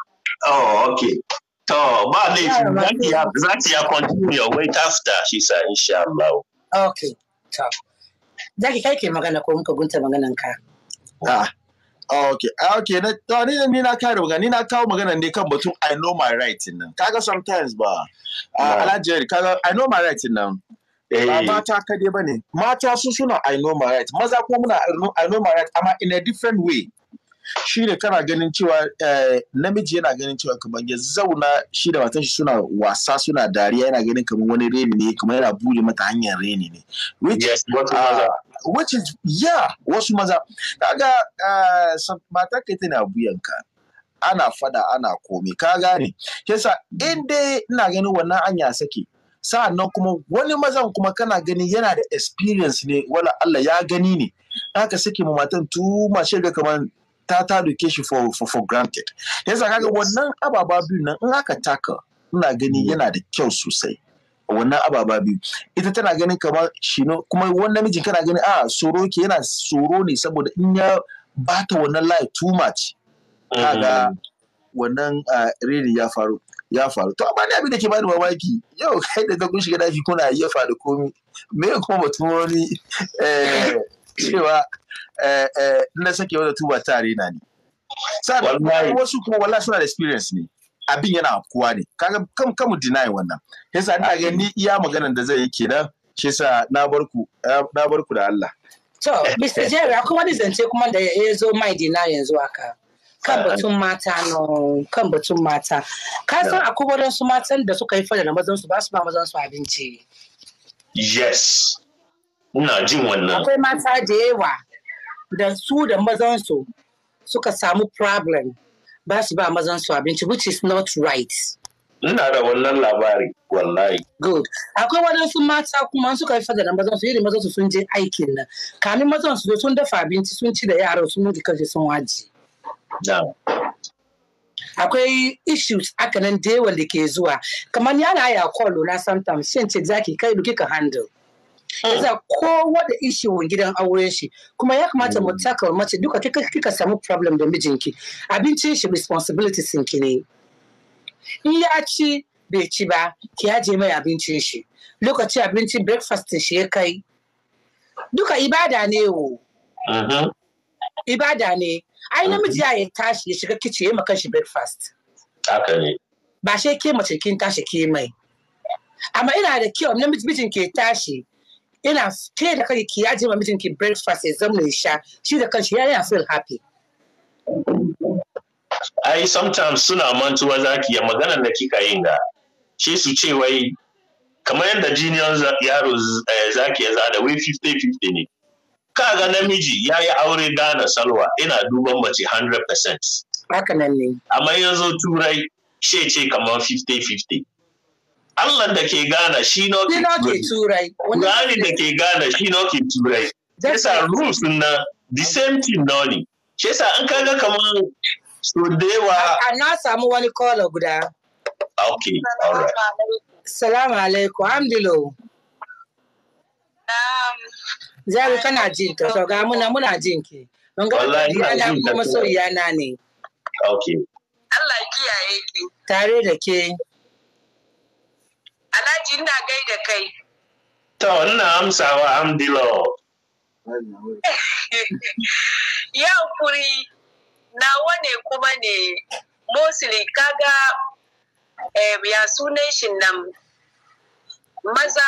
Oh, okay. So, but if that you have continue your wait after, she said, inshallah. Okay. So, Zaki kai ke magana ko muka gunta maganan ka. Ah. Okay, ah, okay, na to ni ni na kai magana, ni na kawo magana ne kan batun I know my right nan. Kaga sometimes ba. Ah, Alhaji kaga I know my right nan. Eh, ba mata kade bane. Mata su suna I know my right. Maza kuma muna I know my right amma in a different way. Shi ne kana ganin cewa eh, namiji yana ganin cewa kamar ya zauna shi da matan shi suna wasa suna dariya yana ganin kamar wani reni ne kamar yana buje mata hanyar reni ne. Which yes, uh, which is yeah wasu maza kaga eh, matar ka tana buyanka ana fada ana komi ka gane yasa in dai ina ganin wannan anya sake sa'annan kuma wani mazan kuma kana gani yana da experience ne wala Allah ya gani ne haka sake mu matan tu ma ga kamar ta ta duke shi for, for, for granted yasa kaga wannan ababa biyu nan in aka taka ina gani mm. yana da kyau sosai wannan ababa biyu ita tana ganin kamar shi kuma wannan mijin kana ganin a ah, tsoro ke yana tsoro ne saboda in ya bata wannan life too much kaga mm-hmm. wannan rini ya faru ya faru to amma ne abin da ke bani mamaki yau kai da kun shiga dafi kuna ya faru komi me kuma batun wani eh, cewa eh, eh, na sake wata tuba ta rena ne sa wasu kuma wallahi suna da experience ne abin yana afkuwa ne kaga kan kamu deny wannan yasa ina ga ni iya maganar da zai yi kenan shi sa na barku na barku da Allah to Mr. Jerry akwai wani zance kuma da ya zo mai dina yanzu haka kan ah, batun mata no kan batun mata ka san akwai su matan da suka yi fada da mazan su ba su ba mazan su abinci yes ina jin wannan akwai mata da yawa da su da mazan su suka samu problem ba su ba mazan su abinci which is not right. Ina da wannan labari wallahi. Good. Akwai waɗansu mata kuma suka yi fada da mazan su irin mazan su sun je aikin nan. Kamin mazan su sun dafa abinci sun ci da yara, sun mutu kashe sun waje. Akwai issues haka nan da yawa da ke zuwa. Kamar yana ya kwallo na sometimes sai ce zaki kai duki ka handle. yasa mm. kowa da wa gidan auren shi kuma ya kamata mu mm. taka mace duka kika kika samu problem da mijinki abincin shi responsibility sun ki ne in ya ci bai ci ba ki yaje mai abincin shi lokaci abincin breakfast shi ya kai duka ibada ne wo ibada ne ai namiji ya tashi ya shiga kici ya makan shi breakfast haka ne ba shi ke mace kin tashi ke mai amma ina da kyau namiji mijin ke tashi ina ke da kai ki yaje ma mijin ki breakfast ya zama ya sha shi da kanshi ya yana feel happy ai sometimes suna mantuwa zaki ya maganar da kika yin ga shi su ce wai kamar yadda jiniyan yaro eh, zaki ya zada wai 50-50 ne kaga namiji ya yi aure gana salwa ina duban mace 100% haka nan ne amma yanzu turai she ce kamar 50-50 Allah da ke gana shi noke turai. Gani da ke gana shi noke ke turai. Yasa rules na the same thing na ne. Shi yasa an kaga kamar so da yawa. Na samu wani kola guda. Okay, all right. Salamu alaikum, Hamdilo. Zaru kana jin ka, so ga muna muna jin ki. Mun ka ana kuma masoyiya na ne. Okay. Allah kiyaye ki. Tare da ke. Alhaji ina gaida kai. To, ina amsawa Amdilo. Yau kuri nawa ne kuma ne mostly kaga eh, ya sunan shi nan maza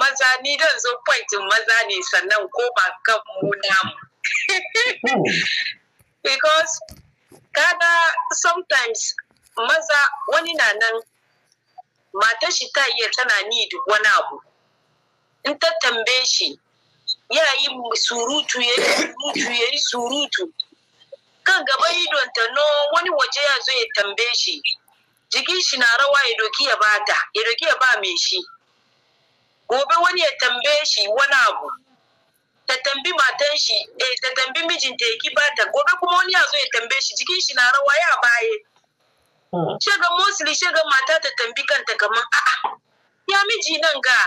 maza ni don zo point maza ne sannan ko ba kan mu mu Because kaga sometimes maza wani na nan matar shi ta iya tana ni duk wani abu in ta tambaye shi ya yi surutu ya yi surutu ya yi surutu kan gaba idon ta no wani waje ya zo ya tambaye shi jikin shi na rawa ya doki ya bata ya doki ya ba mai shi gobe wani ya tambaye shi wani abu ta tambi matan shi eh ta tambi mijinta ya ki bata gobe kuma wani ya zo ya tambaye shi jikin shi na rawa ya baye Mm. Shaga mostly shaga mata ta tambi kanta kamar a'a ya miji nan ga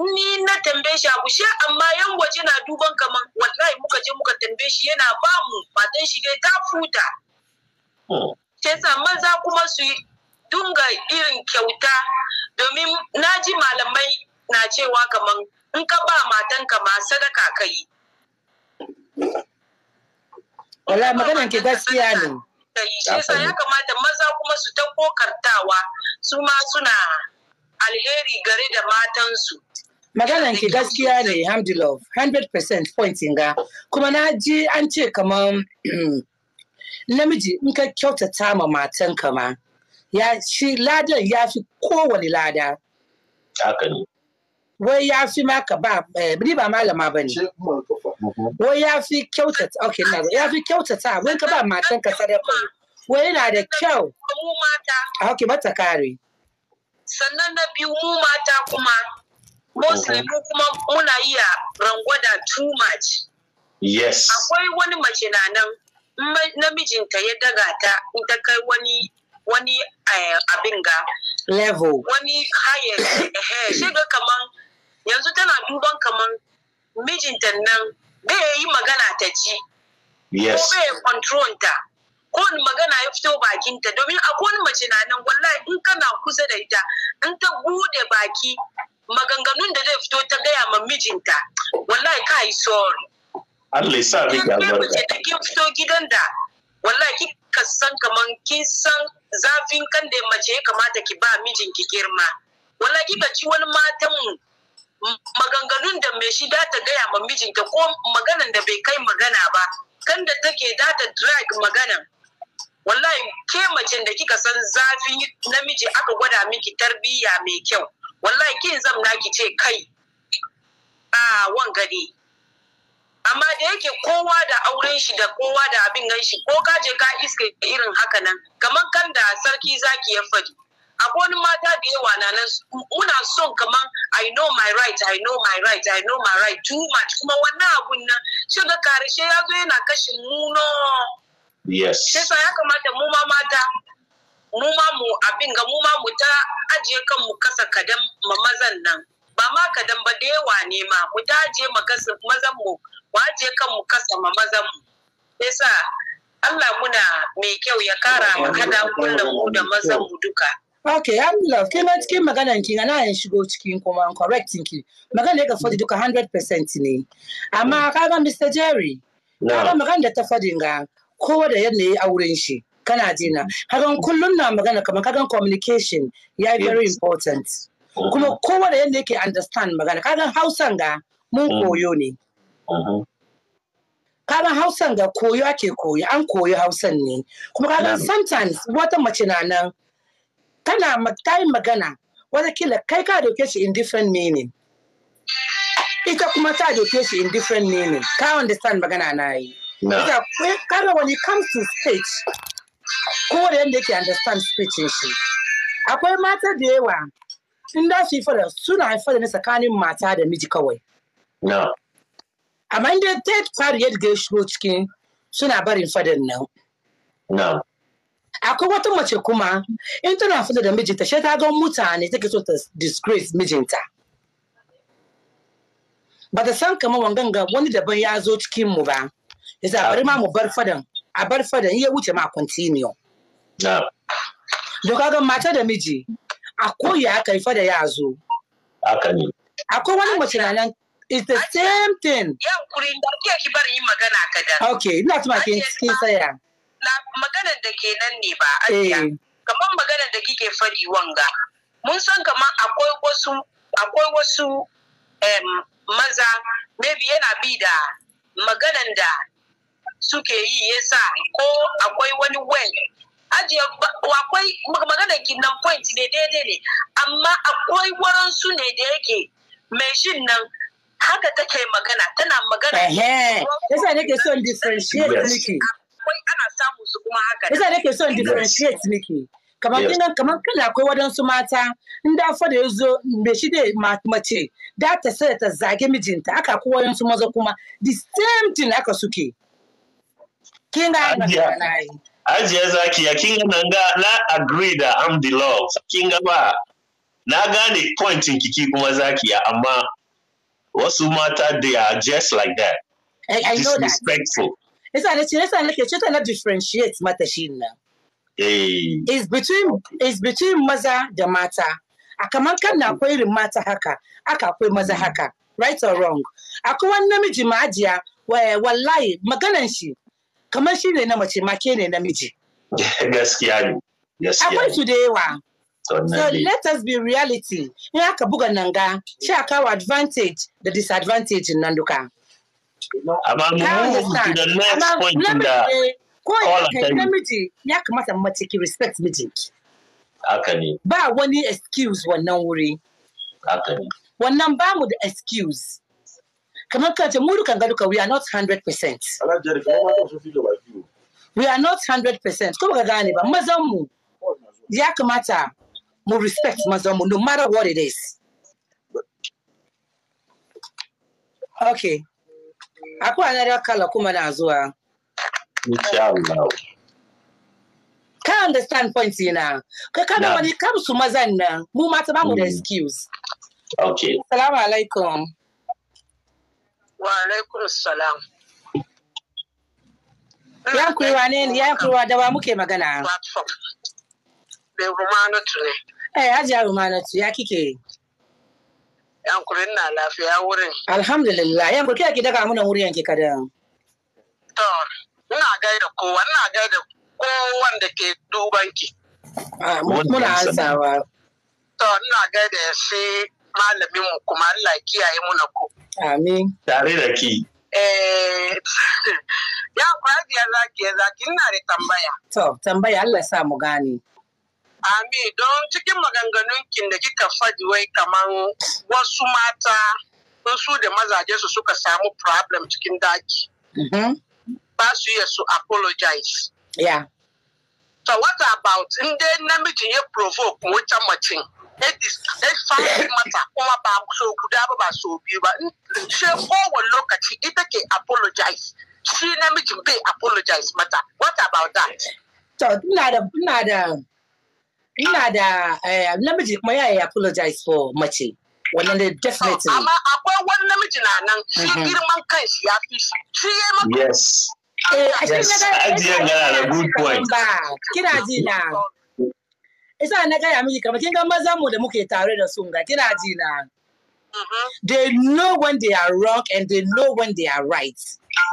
ni na tambaye shi abu she amma yan waje na duban kaman wallahi muka je muka tambaye shi yana ba mu matan shi ta futa. Mm. Sai sa maza kuma su dunga irin kyauta domin naji malamai na cewa kaman in ka ba matanka ma sadaka ka yi. Wala ke gaskiya ne. da yi ya kamata maza kuma su ta kokartawa su ma suna alheri gare da matansu maganan ki gaskiya ne hamdulillah 100% point ga kuma na ji an ce kamar namiji in ka kyautata ma matan kama ya shi ladan ya fi kowane lada wai ya fi maka ba eh, ni ba malama ba ne mhm. wai ya fi kyautata ok, na ya fi kyautata wai ka ba matan ka sadaka wai yana da kyau mu mata okay mata kare sannan na biyu mu mata kuma mostly mu kuma muna iya rangwada too much yes akwai wani mace na nan namijinta ya daga ta in ta kai wani wani eh, abin ga level wani higher eh, shi ga kaman yanzu tana duban kamar mijinta nan bai yi magana ta ci yes. ko bai control ta ko magana ya fito bakinta domin akwai mace na nan wallahi in kana kusa da ita in ta bude baki maganganun da zai fito ta gaya ma mijinta wallahi ka yi sorry Allah sa rike albarka da kin fito gidan da wallahi ki ka san kaman kin san zafin kan da mace ya kamata ki ba mijinki girma wallahi ki ci wani matan mu maganganun da mai shi da ta gaya ma mijinta ko maganan da bai kai magana ba kan da take data ta drag magana. wallahi ke macen da kika san zafin namiji aka gwada miki tarbiyya mai kyau wallahi kin zamna ki ce kai a wan gari amma da yake kowa da auren shi da kowa da abin gan ko ka je ka iske irin haka nan kamar kan da sarki zaki ya faɗi. akwai wani mata da yawa na nan muna son kaman i know my right i know my right i know my right too much kuma wannan abun nan shi ga karshe ya zo yana kashin mu no yes sai sa ya kamata mu ma mata mu ma mu abin ga mu ma mu ta ajiye kan mu kasa kadan ma mazan nan ba ma kadan ba da yawa ne ma mu ta ajiye ma kasa mazan mu wa ajiye kan mu kasa ma mazan mu sai sa Allah muna mai kyau ya kara mu kada kullum mu da mazan mu duka Okay, I'm love. Ke ma cikin magana ki na yin shigo cikin kuma i'm correct ki. Magana ga fadi duka 100% ne. Amma ka ga Mr. Jerry. Ka ga magana da ta fadin ga kowa da yadda yayi auren shi. Kana jina. Kagan kullun na magana kamar kagan communication ya very important. Mm-hmm. Kuma kowa da yadda yake understand magana. Kagan Hausan ga mun mm. koyo ne. Mm-hmm. kagan hausan ga koyo ake koyo an koyi hausan ne kuma kagan sometimes wata mace na nan tana ta yi magana watakila kai ka doke shi in different meaning ita kuma ta doke shi in different meaning ka understand magana na yi ita Kada wani comes to speech kowa da yadda yake understand speech shi akwai mata da yawa in da su yi fada suna haifar da tsakanin mata da miji kawai amma inda yi party yadda ya shigo cikin suna barin fadar nan akwai wata mace kuma in tana fita da mijinta sai ta ga mutane take so ta disgrace mijinta ba ta san kamar wangan ga wani daban ya zo cikin mu ba yasa bari ma mu bar fadan a bar fadan ya wuce ma continue doka ga mata da miji a koya kai fada ya zo akwai wani mace na nan It's the same thing. Yankurin da ki bari yin magana ka da. Okay, ina tuma kin tsaya. maganar da ke nan ne ba ajiya eh. kamar maganar da kike fadi wanga mun san kamar akwai wasu akwai wasu maza maybe yana bi da maganar da suke yi yasa ko akwai wani well ajiye akwai ki nan point ne daidai ne amma akwai waransu ne da yake mai shin nan haka take magana tana magana yasa nake son differentiate akwai ana samu su kuma haka yasa nake son differentiate nake kamar ina kamar kada akwai wadansu mata in da fa da ya zo me shi da mace da ta sai ta zage mijinta aka ko wadansu maza kuma the same thing aka suke kin ga Ajiya zakiya kin ga nan ga na agree da I'm the love kin ga ba na gane pointin kiki kuma zakiya amma wasu mata they are just like that. I, I know that. Disrespectful. Yasa na ce yasa nake ce ta na differentiate mata shi nan. Eh. Is between is between maza da mata. A kaman kan na akwai irin mata haka, aka akwai maza haka, right or wrong. Akwai wani namiji ma'ajiya wallahi maganan shi kamar shi ne na mace make ne namiji. Gaskiya ne. Gaskiya. Akwai su da yawa. So let us be reality. In aka buga nanga, shi aka advantage da disadvantage nan duka. Amma mu da next point da ya kamata mace ki respect mijinki. Haka ne. Ba wani excuse wannan wuri. Haka ne. Wannan ba mu da excuse. Kamar kace mu dukan ga duka we are not 100%. We are not 100%. Ko baka gane ba mazan mu. Ya kamata mu respect mazan mu no matter what it is. Okay. akwai da kala kuma na zuwa insha Allah ka understand point na kai kana wani kamsu mazan nan mu mata ba mu da mm. skills. okay assalamu alaikum wa alaikum salam ya kuwa ne ya kuwa da ba muke magana platform da rumanatu ne eh hajiya rumanatu ya kike Yan kurin na lafiya wurin. Alhamdulillah, yan kuke ki daga muna wuri yanki kada. To, ina gaida kowa, ina gaida kowan da ke duban ki. Ah, muna ansawa. To, ina gaida ya shi malamin mu kuma Allah kiyaye muna ku. Amin. Tare da ki. Eh, ya kwa biya zaki ya zaki ina da tambaya. To, tambaya Allah sa mu gane. Ami don cikin maganganun kin da kika faɗi wai kamar wasu mata in su da mazaje su suka samu problem cikin daki. Mm-hmm. Ba su iya su apologize. Yeah. So what about in dai namijin ya provoke wata macin? ya faru mata kuma ba so guda ba ba so biyu ba. She kowane lokaci ita ke apologize. Shi namijin bai apologize mata. What about that? So, ina da ina da eh, namiji kuma ya yi apologize for mace wannan da definitely amma akwai wani namiji na nan shi mm-hmm. girman kan shi ya fi shi shi ya maka yes Eh, yes ajiyar yana da good point kina ji na isa na gaya miki kamar kin ga mazan mu da muke tare da su ga kina ji na mm-hmm. they know when they are wrong and they know when they are right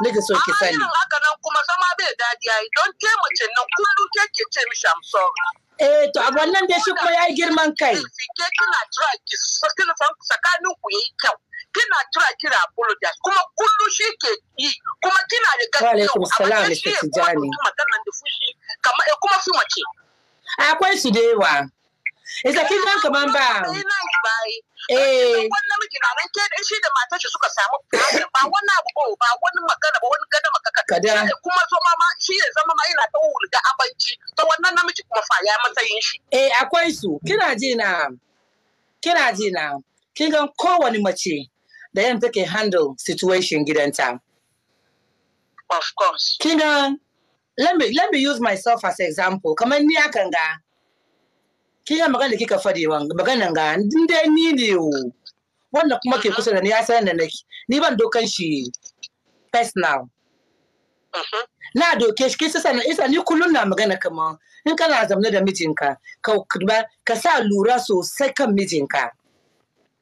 nake so ki sani amma haka nan kuma zama bai dadi ai. don ke mace nan kullu ke ke ce mishi i'm sorry Eh to a wannan da shi kuma yayi girman kai. Eh, ke kina tura ki kina san tsakanin ku yayi kyau. Kina tura kira apologize kuma kullu shi ke yi kuma kina da gaskiya. Wa alaikum salam ne Tijani. Kuma eh, kuma sun Akwai su da yawa. Exactly ka ban ba. Eh. Wannan miji na nan ke da shi da matar shi suka samu ba wani abu ba ba wani magana ba wani gada makaka. Kada. Kuma so ma shi ya zama ma yana ta wurga abanci to wannan namiji kuma fa ya matsayin shi. Eh akwai su kina ji na kina ji na kin ga kowane mace da yan take handle situation gidanta. Of course. Kina let me let me use myself as example kamar ni akan ga kina magana da kika fade maganan ga din dai ni ne o Wannan kuma ke kusa da ni ya san da nake ni ban dokan shi personal mm-hmm. na doke shi kisa sana isa ni kullum na magana kama in kana da mijinka ka ka sa lura sosai kan mijinka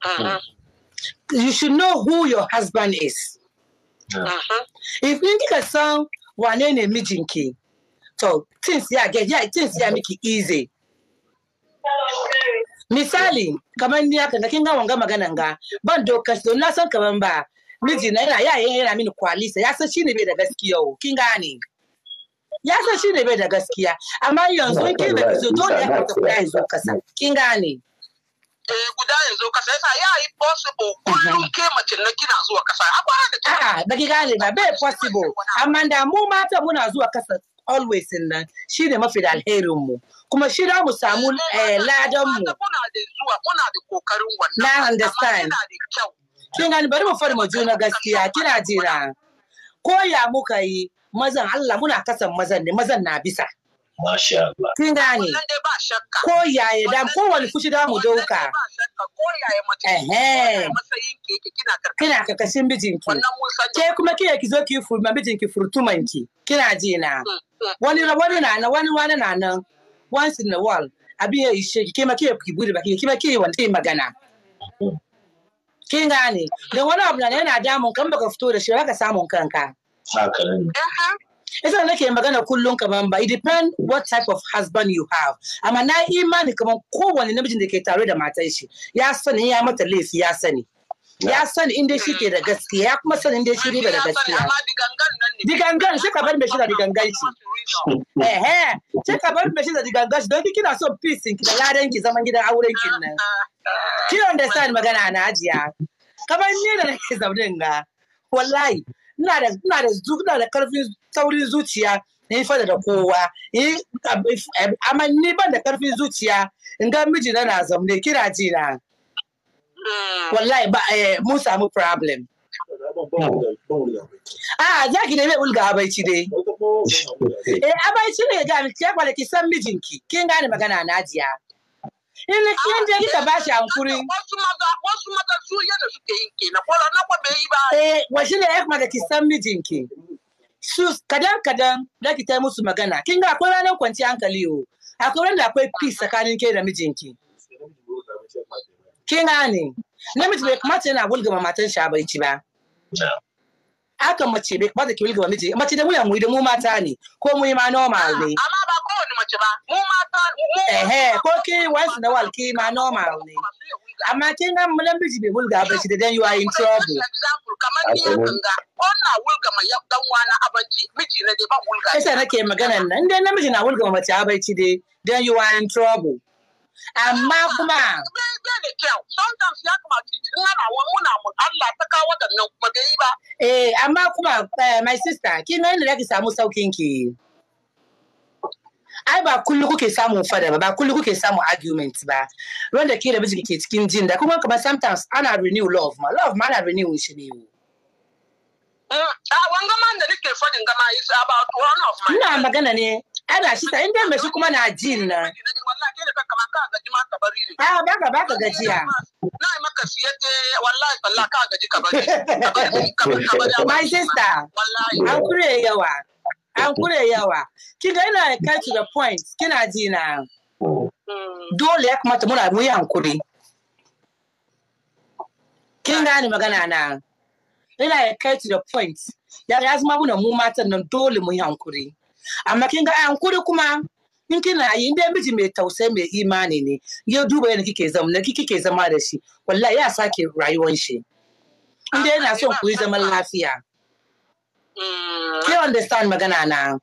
mm-hmm. you should know who your husband is mm-hmm. if in kika san wane ne mijinki to things ya get ya things ya miki easy Misali, kamar ni haka na kin ga wanga maganan ga ban dokar su na san kaman ba. Miji na yana yayin yana mini kwalisa ya san shine bai da gaskiya o kin gane. Ya san shine bai da gaskiya amma yanzu kin bai zo dole ya ka guda yanzu kasa kin gane. Eh guda yanzu kasa yasa ya yi possible kullum ke mace na kina zuwa kasa akwai da ta. A'a ba gane ba bai possible amma da mu mata muna zuwa kasa always nan shine mafi da alherin mu. kuma shi da mu samu eh, eh, ladan mu muna da kokarin wannan na understand kin gani bari mu fara mu juna gaskiya kina jira ko ya muka yi mazan Allah muna kasan mazan ne mazan na bisa Masha Allah. Kin gane? Ko yaya da ko wani fushi da mu dauka. Ehe. Kina kakashin mijinki. Ke kuma kiyaye ki zo ki furma mijinki furtumanki. Kina jina? Mm, mm. Wani na. Wani na nan wani wani na nan. once in a while abin ya ishe ki kema ke ki bude baki kema ke wanda yi magana kin gane don wani abu na yana damun kan baka fito da shi baka samun kanka haka ne uh-huh. ita nake magana kullum kaman ba it depend what type of husband you have amma na imani kaman kowane namijin da ke tare da matan shi ya sani ya mata laifi ya sani ya san inda shi ke da gaskiya ya kuma san inda shi riba da gaskiya digangan shi ka bar mai shi da digangan shi eh shi ka bar mai shi da digangan shi don ki kina son peace ki da ladan ki zaman gidan auren ki nan ki understand magana na ajiya kamar ni da nake zaunin ga wallahi ina da ina da ina da karfin saurin zuciya ni fada da kowa amma ni ban da karfin zuciya in ga miji na na zaune kira ji na Ah. wallahi ba eh, mun samu problem Ah, za ki nemi ulga abaici dai eh abaici ne ga ke kwale ki san mijinki kin gane magana Najiya in kin je ki ba shi hankuri ah, wasu maza wasu maza su yana suke yin na kwallo na kwa bai ba eh wa shi ne da ki san mijinki su kadan kadan da ki tai musu magana kin ga akwai ranar kwanci hankali o oh. akwai ranar akwai peace tsakanin ke da mijinki kina ne Namiji bai kamata yana wulgama matan shi a ci ba. Haka mace bai kamata ki wulgama miji. Mace da wuyan mu da mu mata ne ko mu yi ma normal ne. Ah, amma ba kowane mace ba. Mu mata mu. Ehe eh, ko ki once na wal ki ma normal ne. Amma kin nan mu miji bai wulga ba shi da dan yuwa in trouble. Kamar ni ya ganga. Ona wulga ma ya dan wani abanci miji na dai ba wulga. Sai nake maganar nan dai namiji na wulga mace abaici dai dan yuwa in trouble. amma kuma bai da eh amma kuma eh, my sister kin nan da ki samu saukin ki ai ba kullu kuke samun fada ba ba kullu kuke samun argument ba wanda ke da miji ke cikin jin da kuma kamar sometimes ana renew love ma love ma ana renew shi ne Mm. Ah, wanga gama da nake fadin gama is about one of my ina magana ne ana shi ta inda mai shi kuma na jin na wallahi kai da kanka ma ka gaji ma bari ne a ah, baka baka gajiya na yi maka siye te wallahi wallahi ka gaji ka bari ka bari ka bari my sister wallahi an kure yawa an kure yawa Ki kinga ina kai to the point kina ji na mm. dole ya kamata muna mu yi hankuri kin gane magana na yana ya kai to the point ya ya zama muna mu matan nan dole mu yi hankuri amma kin ga hankuri kuma in kina yi inda miji mai tausayi mai imani ne ya duba yadda kike zama na kike zama da shi wallahi ya sake rayuwar shi inda yana son ku yi zaman lafiya you understand magana na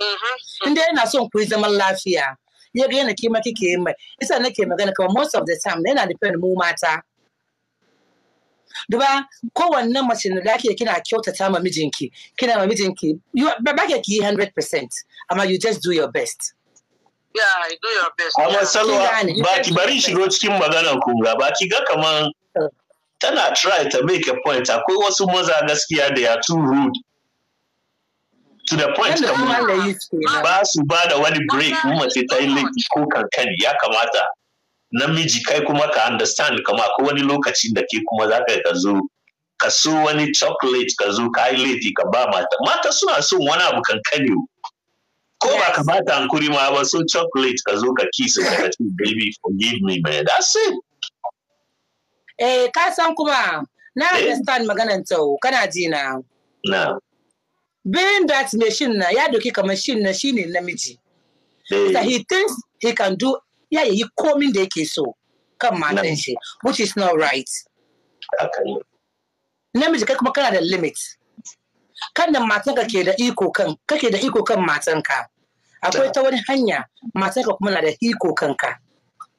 mm-hmm. inda yana son ku yi zaman lafiya ya ga yana kima kike yi mai isa nake magana kamar most of the time yana da mu mata duba kowanne mace da ake kina kyautata ma mijinki kina ma mijinki ba ke ki 100% amma you just do your best amma salwa ba ki bari shigo cikin maganar ku ba ki ga kaman tana try to make a point akwai wasu maza gaskiya da ya too rude to the point kamar ba su ba da wani break mace ta yi laifi ko kankani ya kamata namiji kai kuma ka understand kama akwai wani lokacin da ke kuma za ka zo ka so wani chocolate ka zo ka yi laifi ka ba mata mata suna son wani abu kankani ko ba ka ba ta hankuri ma ba so chocolate ka zo ka kisa ka ce baby forgive me man that's it eh ka san kuma na eh. understand maganan tau kana ji na na being that machine na ya doki kamar shin na shine namiji so eh. he thinks he can do ya yi komin da yake so kan matan shi which is not right namiji kai kuma kana da limit kan da matanka ke da iko kan kake da iko kan matanka akwai ta wani hanya matanka kuma na da iko kanka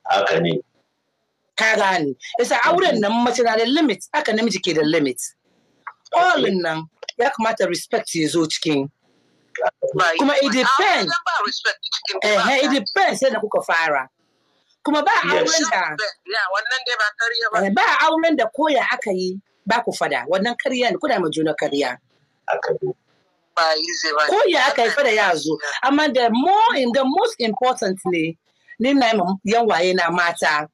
haka ne ka gane isa auren nan mace na da limit haka namiji ke da limit All in nan ya kamata respect ya zo cikin kuma it depends eh it depends da kuka fara kuma eh, ba auren da ba auren da koya aka yi ba ku fada wannan karya ne kuna ma juna karya Koya aka yi fada ya zo amma the more in the most important ne ni na yan waye na mata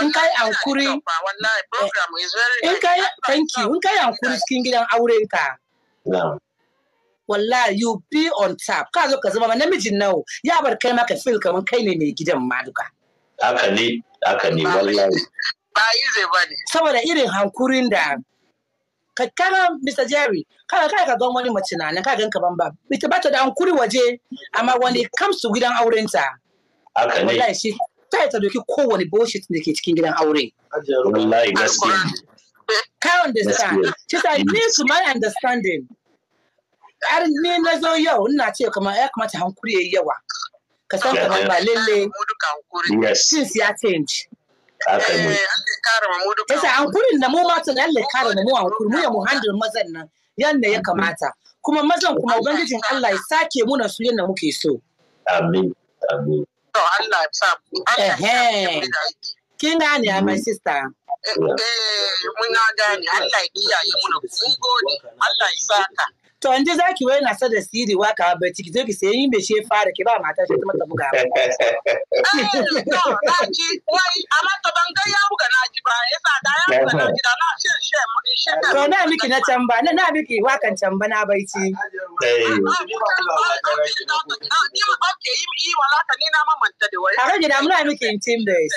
in kai ankuri in kai thank you in kai ankuri cikin gidan aurenka wallahi you be on top ka zo ka zama namijin nawo ya bar kai ka feel kamar kai ne mai gidan ma duka haka ne haka ne wallahi ba ize zai ne saboda irin hankurin da ka kana Mr Jerry k'a kai ka ga wani mace na nan ka gan ka ban ba ita ba ta da hankuri waje amma wani comes to gidan aurenta haka ne wallahi shi ta ta doki kowane bullshit da ke cikin gidan aure wallahi gaskiya kai understand she said need to my understanding tsarin ne na zo yau ina ce kamar ya kamata hankuri yi yawa ka san kamar ba lalle things ya change Yasa hankurin da mu matan Allah ya kare mu hankuri mu ya mu handle mazan nan yanda ya kamata kuma mazan kuma ubangijin Allah ya sake na su yanda muke so. Amin. Amin. To Allah ya sa Kin gane a my sister. Eh, eh, muna gane Allah ya kiyaye muna. Mun gode. Allah ya saka. to yanzu za ki wai na sa da siri waka ba ciki zo ki sai yin beshe fara ki ba mata shi ta mata buga ba amma to ban ya buga na ji ba da ya buga na da na shi shi shi to na miki na can ba na miki wakan can ba na baiti a rage da muna miki intim base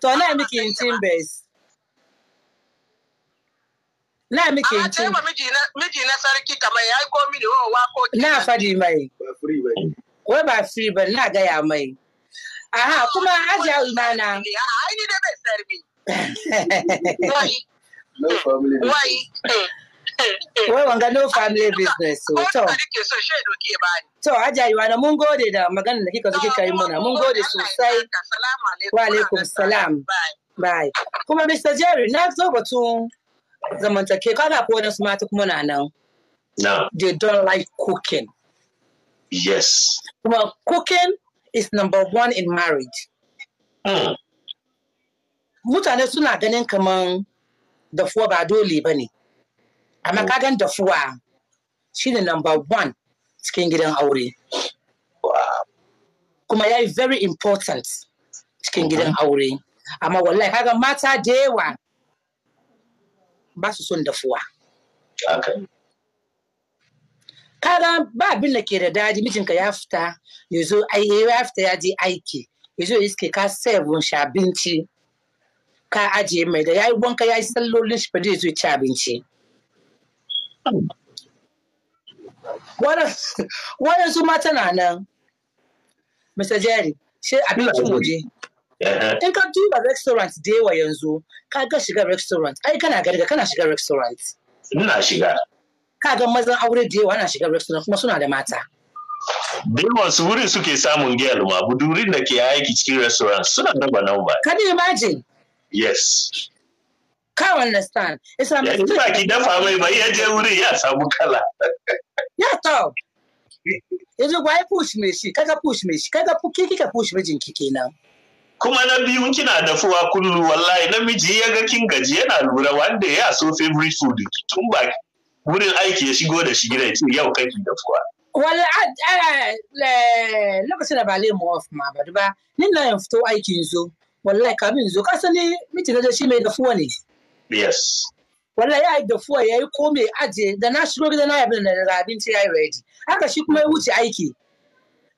to na miki intim base Na miki yin ce. miji na sarki kamar ya yi komi da wawa ko Na fadi mai. Wai ba free ba na gaya mai. Aha kuma ajiya imana. Ai ni da bai sarbi. Wai. Eh, eh, eh. Wai wanga no family business. Oh, so, to. To ajiya imana mun gode da magana da kika zo kika yi muna. Mun gode sosai. Wa alaikum salam. Bye. Kuma Mr. Jerry na zo batun zamantake kana ko wani mata kuma na nan. No. They don't like cooking. Yes. Kuma cooking is number one in marriage. Mm. Mutane suna ganin kaman dafuwa ba dole ba ne. Amma hmm. ka gan dafuwa shi ne number one cikin gidan aure. Wow. Kuma ya yi very important cikin hmm. gidan aure. Amma wallahi kagan mata da yawa ba su son dafuwa. Kaga ba abin da ke da daji mijinka ya fita ya zo ya fita ya je aiki ya zo iske ka sayarwar shi abinci ka ajiye mai da ya yi wanka ya yi sallolin shi fadi ya zo ci abinci. Waɗansu mata na nan, Mr. Jerry, sai abincin waje. Eh, eh. in ka duba restaurant da yawa yanzu ka ga shiga restaurant ai kana garga kana shiga restaurant ina shiga ka ga mazan aure da yawa ana shiga restaurant kuma suna da mata Dai wasu wurin suke samun giyar ma budurin da ke aiki cikin restaurant suna raba namba Ka you imagine yes ka understand it's a mistake ba ki dafa mai ba ya je wurin ya samu kala ya to yanzu gwai push me shi kaga push me shi kaga kike ka me jinki kenan kuma na biyu kina fuwa kullu wallahi namiji ya ga kin gaji yana lura wanda ya so favorite food tun ba wurin aiki ya shigo da shi gida ya ce yau kake dafuwa wallahi lokacin da ba lemu off ma ba duba ni na yin fito aikin zo wallahi kamin zo ka miji na shi mai dafuwa ne yes wallahi ya yi fuwa ya yi kome aje da na shigo gida na yabin da abinci ya yi ready haka shi kuma ya wuce aiki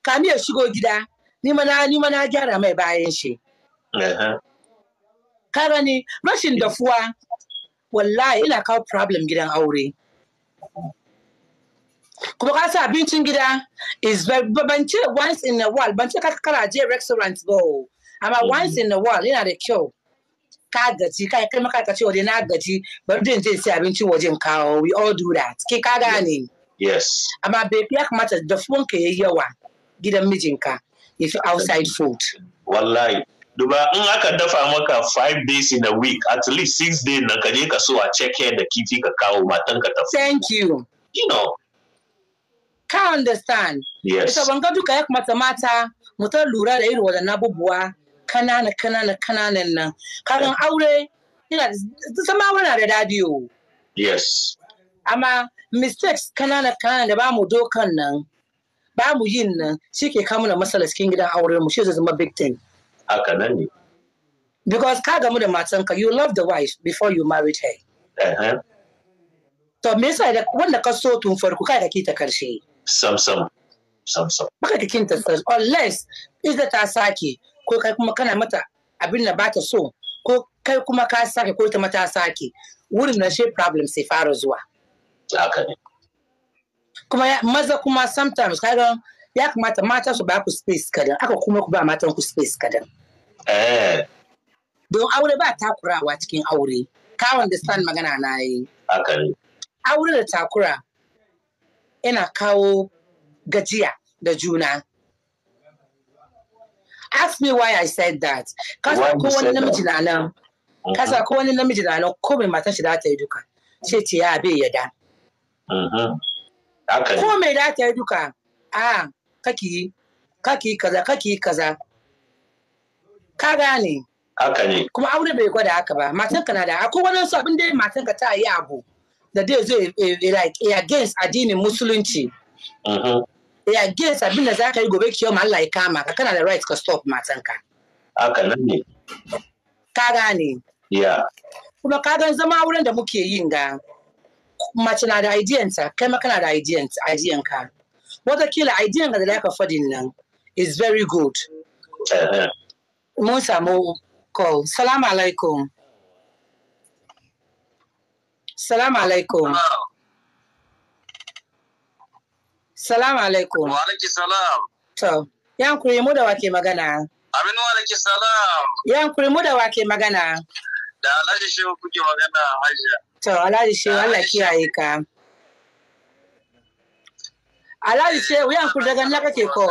kamin ya shigo gida ni mana ni mana gyara mai bayan shi Karani rashin dafuwa wallahi ina kawo problem gidan aure kuma ka sa abincin gida is ban ce once in a while ban ka kara je restaurant ba amma mm-hmm. once in a while yana da kyau ka gaji kai kai maka ka ce waje na gaji bari din je sai abinci wajen kawo we all do that ke ka gane yes amma bai ya kamata da yawa gidan mijinka ya fi outside food wallahi duba in aka dafa maka five days in a week at least six days na kaje ka so a ceke da kifi ka kawo matan ka tafi thank you you know ka understand yes ita ban ga duka ya kamata mata mu ta lura da irin wadannan abubuwa kanana kanana kananan nan kagan aure yana zama wana da radio. yes amma mistakes kanana kanana da ba mu dokan nan ba mu yin nan shi ke kama na matsala cikin gidan auren mu shi zai zama big thing haka nan ne because ka gamu da ka, you love the wife before you married her to me yasa da wanda ka so tun farko kai ka kita karshe sam sam sam sam baka ka kinta unless ita ta sake ko kai kuma kana mata abin da bata so ko kai kuma ka sake ko ita mata sake wurin na she problem sai fara zuwa haka ne kuma maza kuma sometimes kaga ya kamata mata su ba ku space kadan aka kuma ku ba matan ku space kadan eh. don aure ba takurawa cikin aure ka understand magana na yi aure da takura yana kawo gajiya da juna ask me why I said that kasa ko wani namiji na nan kasa mm-hmm. ko wani namiji na nan ko mai matan shi da ta yi duka ce ce ya bai yada mm-hmm. ko mai da ta yi duka a kaki kaki kaza kaki kaza ka gane haka ne kuma aure bai gwada haka ba matan ka na da akwai wani su abin da matan ka ta yi abu da dai zai eh, eh, eh, like against addinin musulunci ya mm-hmm. against abin da zaka yi gobe ki ma Allah ya kama ka kana da right ka stop matan ka haka nan ne ka gane ya kuma ka gan zama auren da muke yin ga mace na da idiyanta kai ma kana da idiyanka ka watakila idiyanka da zaka fadin nan is very good mun samu call salamu alaikum salamu alaikum salamu alaikum wa salam to yan kuri mu da wake magana abin wa alaiki salam yan kuri mu da wake magana da alhaji shi kuke magana hajiya To, Alhaji Shehu ah, Allah kiyaye ka. Alhaji Shehu yan ku daga na kake ko?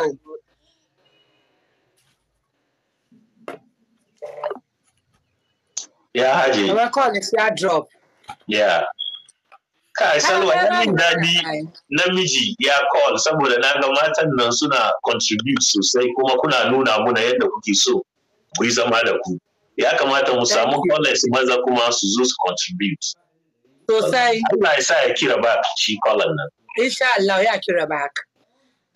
Ya haji. Kamar call is ya drop. Ya. Kai salwa ya min daɗi namiji ya call saboda na ga matan nan suna contribute sosai kuma kuna nuna muna yadda kuke so ku yi zama da ku. Ya kamata mu samu callers maza kuma su zo su contribute. Sosai. Allah ya sa ya kira ba shi kwallon nan. Insha Allah ya kira ba ka.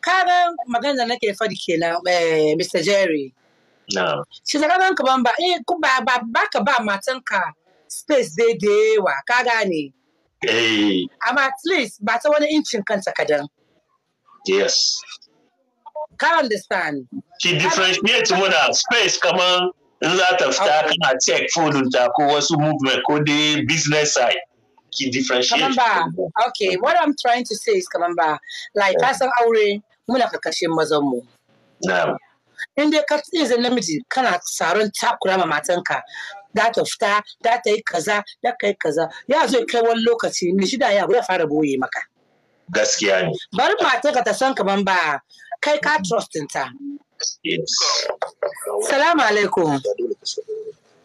Kaga magana da nake faɗi kenan eh, Mr. Jerry. No. Shi da kaman ka ba eh ba ba ba ka ba matanka space dai da yawa ka gane. Eh. Amma at least ba ta wani incin kanta kadan. Yes. Ka understand. Ki differentiate muna space kaman in za ta fita kana check food ta ko wasu movement ko dai business side. ki differentiate Kalamba. okay what i'm trying to say is Kalamba like ka san aure muna karkashin mazan mu na'am in dai ka tsaye namiji kana saron takura ma matanka da ta fita da ta yi kaza da ka yi kaza ya zo kai wani lokaci ne shida ya ya fara boye maka gaskiya ne bari matanka ta san kaman ba kai ka mm-hmm. trustin ta salamu alaikum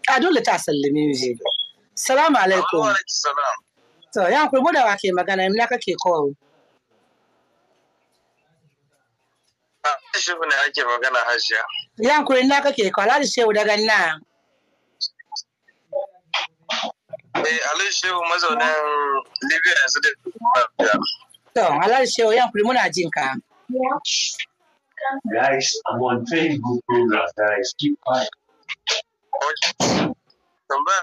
a dole ta sallame miji salamu alaikum To, ya ku mu da wa ke magana, ina kake kowa. Ah, shehu ne ake magana hajiya. Ya ku ina kake kowa, Alhaji Shehu daga na. Eh, Alhaji Shehu mazaunin Libya yanzu da To, Alhaji Shehu ya hankuri muna jin ka. Guys, I'm on Facebook program, guys. Keep quiet. Okay. Tambaya,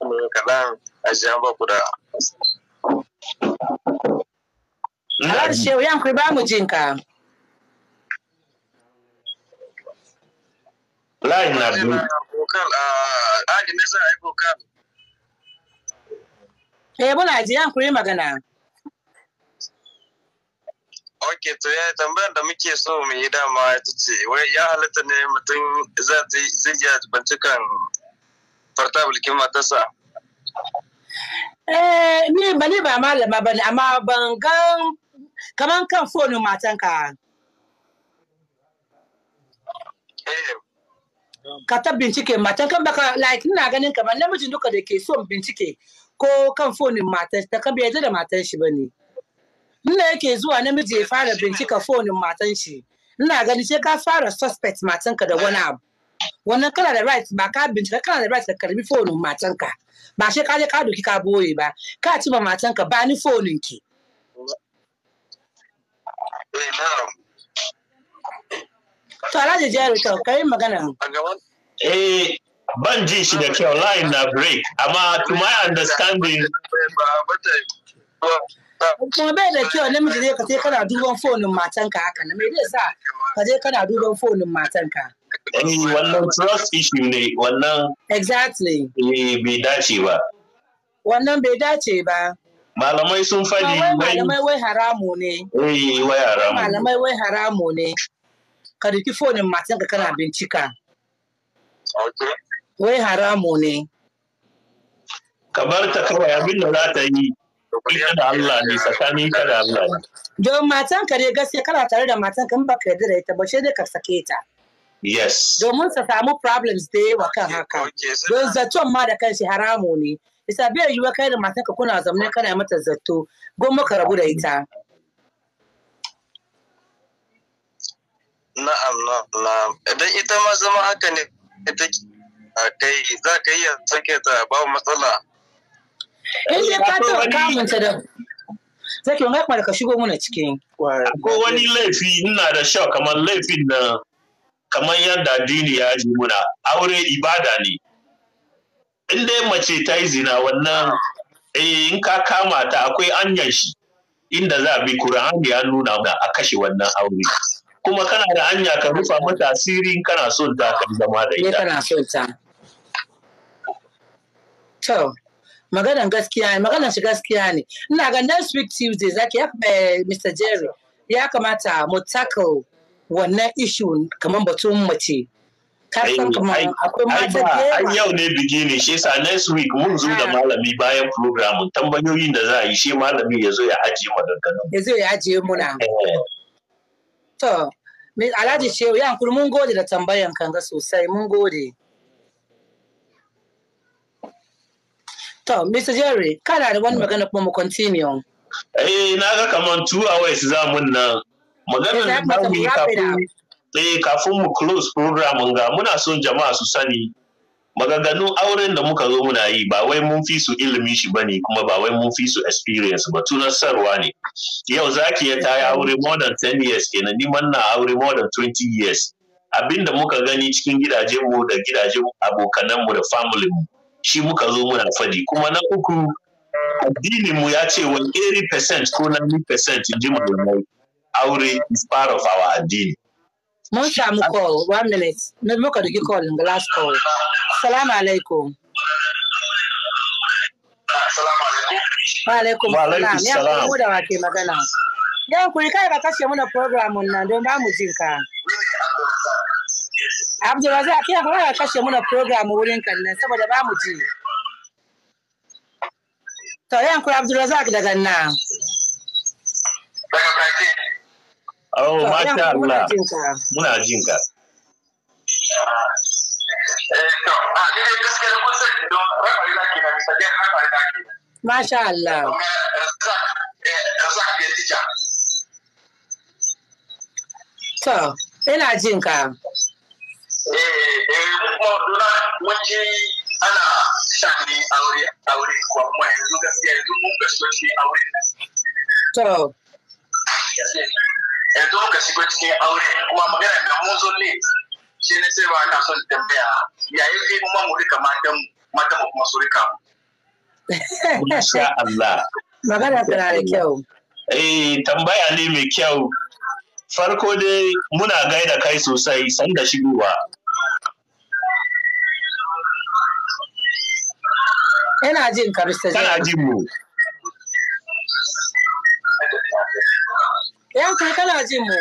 ana kaɗan ajiya ba ku da Malar Shehu Yankuri ba mu jin ka. Layin na biyu. Bokal, Ali me za a yi bokal? Eh, muna ji yi magana. Ok, to ya tambayar da muke so mu yi dama ya ce, wai ya halatta ne mutum zai iya bincikan farta bulkin matarsa. Eh, ni ba ni ba malama ba ne, amma ban gan kaman kan fonin matanka. Eh. Ka ta bincike matan kan baka like ina ganin kamar namijin duka da ke son bincike ko kan fonin matan ta kan bai da matan shi ba ne. Ina yake zuwa namiji ya fara bincika fonin matan shi. Ina ganin sai ka fara suspect matanka da wani abu. wannan kana da right ba ka bincika kana da right ka karbi fonin ka ba shi kaje ka doki ka boye ba ka ci ba ka ba ni fonin ki eh, to alhaji jeri to kai magana eh ban ji shi da kyau line na break amma to my understanding kuma bai da kyau namiji zai ka sai kana duban fonin ka haka na mai zai sa ka je kana duban fonin ka Eh, wannan trust issue ne wannan exactly eh, bai dace ba wannan bai dace ba malamai sun faɗi malamai wai haramu ne eh wai haramu malamai wai haramu ne ka riki fonin matan ka kana bincika wai haramu ne ka bar ta kawai abin da za ta yi kulle da Allah ne tsakanin ka da Allah don matan ka dai gaskiya kana tare da matan ka in baka yarda da ita ba sai dai ka sake ta Yes. Domin sa samu problems da yawa kan haka. Don zato ma da kanshi haramu ne. Isa bai yiwuwa kai da matanka kuna zamanin kana mata zato, goma ka rabu da ita. Na'am, na'am. Idan ita ma zama haka ne, ita a kai za ka iya sake ta babu matsala. In dai ka taɓa kamunta da Zaki wani kuma da ka shigo muna cikin. Ko wani laifi ina da sha kamar laifin da kamar yadda addini ya ji muna aure ibada ne in dai mace ta yi zina wannan eh, in ka kama ta akwai anyan shi inda za a bi Kur'ani ya nuna mana a kashe wannan aure kuma kana da hanya ka rufa mata asiri in kana son ta kan zama da ita kana son ta to maganar gaskiya ne maganar shi gaskiya ne ina ga next week tuesday zaki ya eh, Mr. Jerry ya kamata mu tackle wannan ishu kamar batun mace ka san kamar akwai mata da yawa yau ne biki ne shi yasa next week mun zo da ah. malami bayan program tambayoyin da za a yi shi malami ya zo ya ajiye mu ya zo ya ajiye muna eh. to min alhaji shehu ya hankuri mun gode da tambayan kanga sosai mun gode to mr jerry kana da wani mm. magana kuma mu continue eh na ga kamar two hours za mun nan maganar da mu yi eh, kafin mu close program ga muna son jama'a su sani magaganu auren da muka zo muna yi ba wai mun fi su ilimin shi bane kuma ba wai mun fi su experience ba sarwa ne yau zaki ya ta aure more than 10 years kenan ni na aure more than 20 years Abin da muka gani cikin gidaje mu da gidajen abokanan mu da family mu shi muka zo muna fadi kuma na uku addinin mu ya ce wani 80% ko 90% in ji malamai aure is part of our addini. Mun samu call, one minute. Na ka duki call, last call. Salamu alaikum. Wa alaikum salam. Ya kuma da wake magana. Ya kuri kai ka kashe muna program nan don ba mu jin ka. Abdulrazak kina kuma ka kashe muna program wurin kan nan saboda ba mu ji. To yan kuri Abdulrazak daga nan. Oh, masha Allah. Muna jin ka. Masha Allah. To, ina jin ka. mun ana shani aure aure kuma yanzu gaskiya yanzu mun aure. To. yanzu muka shigo cikin aure kuma magana da mun zo ne shi ne sai ba na son tambaya yayin sai kuma mu rika matan matan kuma su rika mu masha Allah magana tana da kyau eh tambaya ne mai kyau farko dai muna gaida kai sosai sanda shigowa Ina jin karista. Kana jin mu. yanzu kana jin mu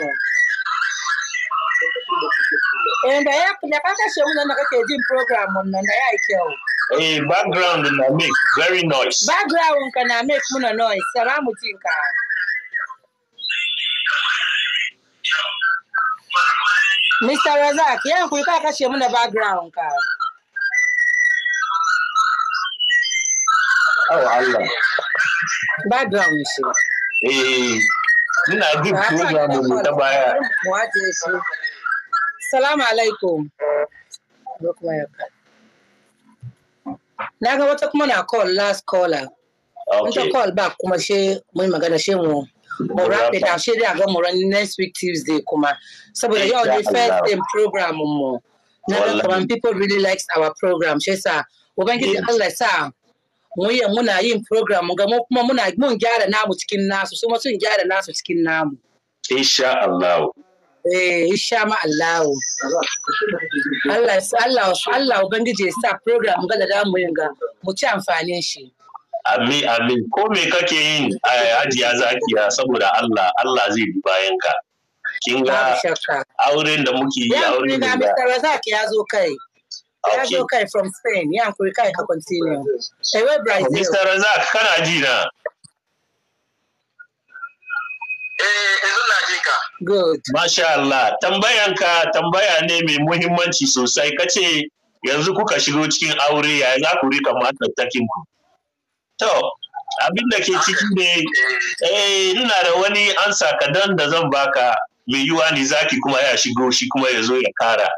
Inda eh, da ya da ka kashe mu nan kake jin program mun nan da ya kyau eh background na make very noise background ka na make muna noise sara mu jin ka Mr. Razak, yan kuyi ka kashe muna background ka. Oh Allah. Background shi. Eh Muna bin program mu ta baya. Salamu alaikum. Na ga wata kuma na call last caller. Wata call back kuma she mun magana she mu mu wrap it up she da ga mu ran next week Tuesday kuma saboda yau ne first day program mu. Na ga kaman people really likes our program she sa ubangiji Allah sa mun yi muna yin program mun ga kuma muna mun gyara namu cikin nasu su sun gyara nasu cikin namu insha Allah eh insha ma Allah Allah Allah Allah ubangije sa program ga da mu yin ga mu ci amfanin shi Amin, amin. Ko me kake yin eh, ajiya zakiya saboda Allah, Allah zai bi bayan ka. Kin ga auren da muke yi auren da. Ya zo kai. Ka from Spain, kai continue. Brazil. Mr. Razak, ji na. Eh, Good. Masha Allah, tambayanka tambaya ne mai muhimmanci sosai. Kace yanzu kuka shigo cikin aure ya za ku rika matattakin ku. To, abin da ke ciki ne, eh, ina da wani ansa kadan da zan baka mai yiwa ne zaki kuma ya shigo shi kuma ya zo ya kara.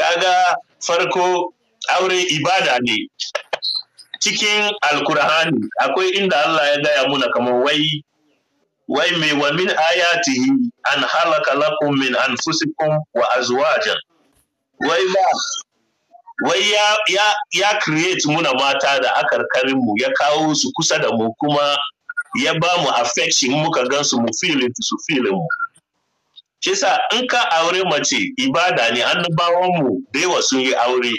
kaga farko aure ibada ne cikin alkur'ani akwai inda Allah ya gaya muna kamar wai wai mai wa min ayatihi an halaka lakum min anfusikum wa azwajan wai ba wai ya ya create muna mata da akarkarin mu ya kawo su kusa da mu kuma ya ba mu affection muka gan su mu filin. su feeling mu shi in ka aure mace ibada ne annabawanmu da yawa sun yi aure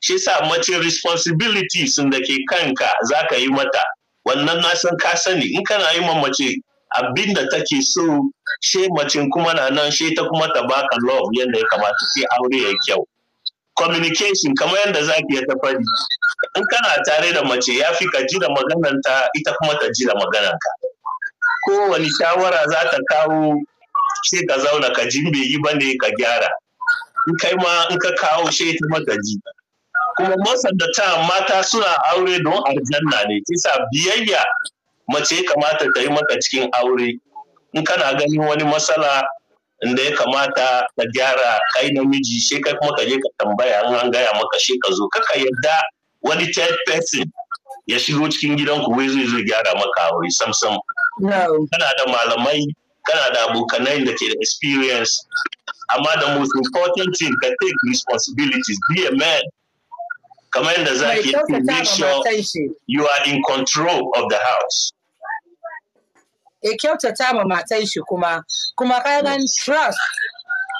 shi mace responsibility sun da ke kanka za ka yi mata wannan na san ka sani in kana yi mace abin da take so she mace kuma na nan she ta kuma ta baka love yadda ya kamata sai aure ya kyau communication kamar yadda za yi ta fari in kana tare da mace ya fi ka ji da magananta ita kuma ta ji da magananka Ko kowane shawara za ta kawo sai ka zauna ka jin bai yi bane ka gyara in kai ma in ka kawo shi ta maka ji kuma most of mata suna aure don aljanna ne kisa biyayya mace kamata ta yi maka cikin aure in kana ganin wani matsala inda ya kamata ka gyara kai namiji sai kai kuma ka je ka tambaya in an gaya maka shi ka zo kaka yadda wani third person ya shigo cikin gidanku wai zai zo gyara maka aure samsam kana da malamai kana da abokanai da ke da experience amma the most important thing ka take responsibilities be a man kamar yadda za ki to make sure you are in control of the house ya kyautata ma matan shi kuma kuma kayan trust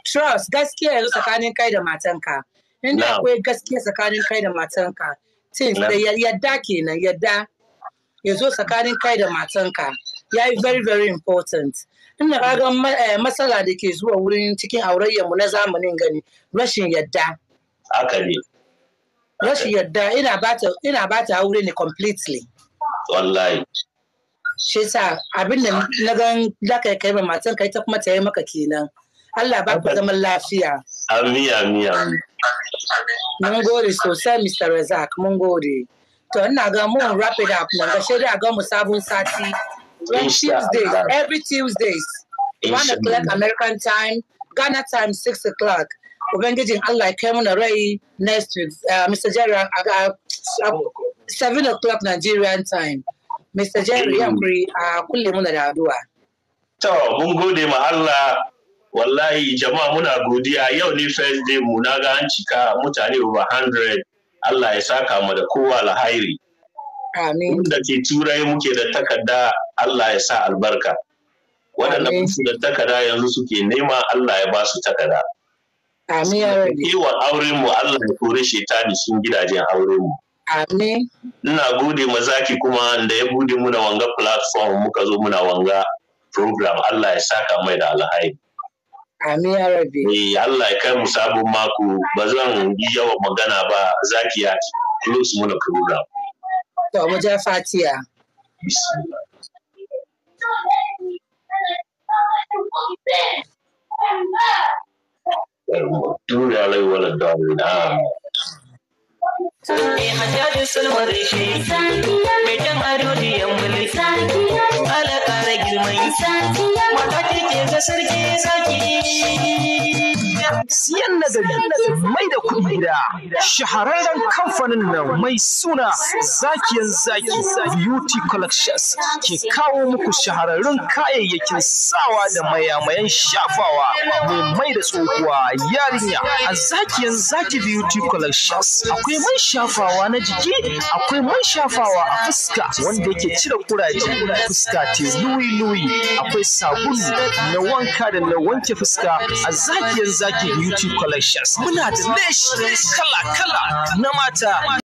trust gaskiya yanzu tsakanin kai da matanka inda akwai gaskiya tsakanin kai da matanka things da yadda kenan yadda ya zo tsakanin kai da matanka ya yi very very important ina kaga eh, matsala da ke zuwa wurin cikin aurayyarmu na zamanin gani rashin yadda. Haka ne. Rashin yadda ina ba ta aure ne completely. Wallahi. Shi sa abin da na gan da kai kai matan kai ta kuma ta yi maka kenan. Allah ba ku zaman lafiya. Amin amin amin. Mun gode sosai Mr. Razak mun gode. To ina ga mun rapid up mun ga shaida ga mu sabon sati. on Tuesdays, every Tuesdays, one o'clock American time, Ghana time six o'clock. Ubangijin Allah ya kai mana rai next week, uh, Mr. Jerry, got uh, uh, uh, seven o'clock Nigerian time. Mr. Jerry, mm. yankuri a kulle muna da addu'a. To, mun gode ma Allah wallahi jama'a muna godiya yau ne first day mu na ga an cika mutane over 100 Allah ya saka mu da kowa alhairi Wanda ke turai muke da takarda Allah ya sa albarka. Waɗanda musu da takarda yanzu suke nema Allah ya ba su takarda. Amin ya auren mu Allah ya kore shetani sun gidajen aurenmu. Amin. Ina gode mazaki kuma da ya gode muna wanga platform muka zo muna wanga program Allah ya saka mai da alhairi. Amin ya Eh Allah ya kai mu sabon mako ba zan yi yawan magana ba zaki ya close muna program. To, mu ja fatiya. Dole alaihi wa Mai hajjaji sulmar mai da kuɗi ala mai da kuɗi gida shahararren kamfanin nan mai suna zakiyan zaki beauty collections ke kawo muku shahararrun kayayyakin sawa da mayamayan shafawa mai mai da tsohuwa yarinya a zakiyan zaki beauty collections akwai akwai man shafawa na jiki akwai man shafawa a fuska wanda yake cire kuraje fuska ta luyi-luyi akwai sabulu na wanka da na wanke fuska a zakiyan zaki beauty collections muna da leshi kala-kala na mata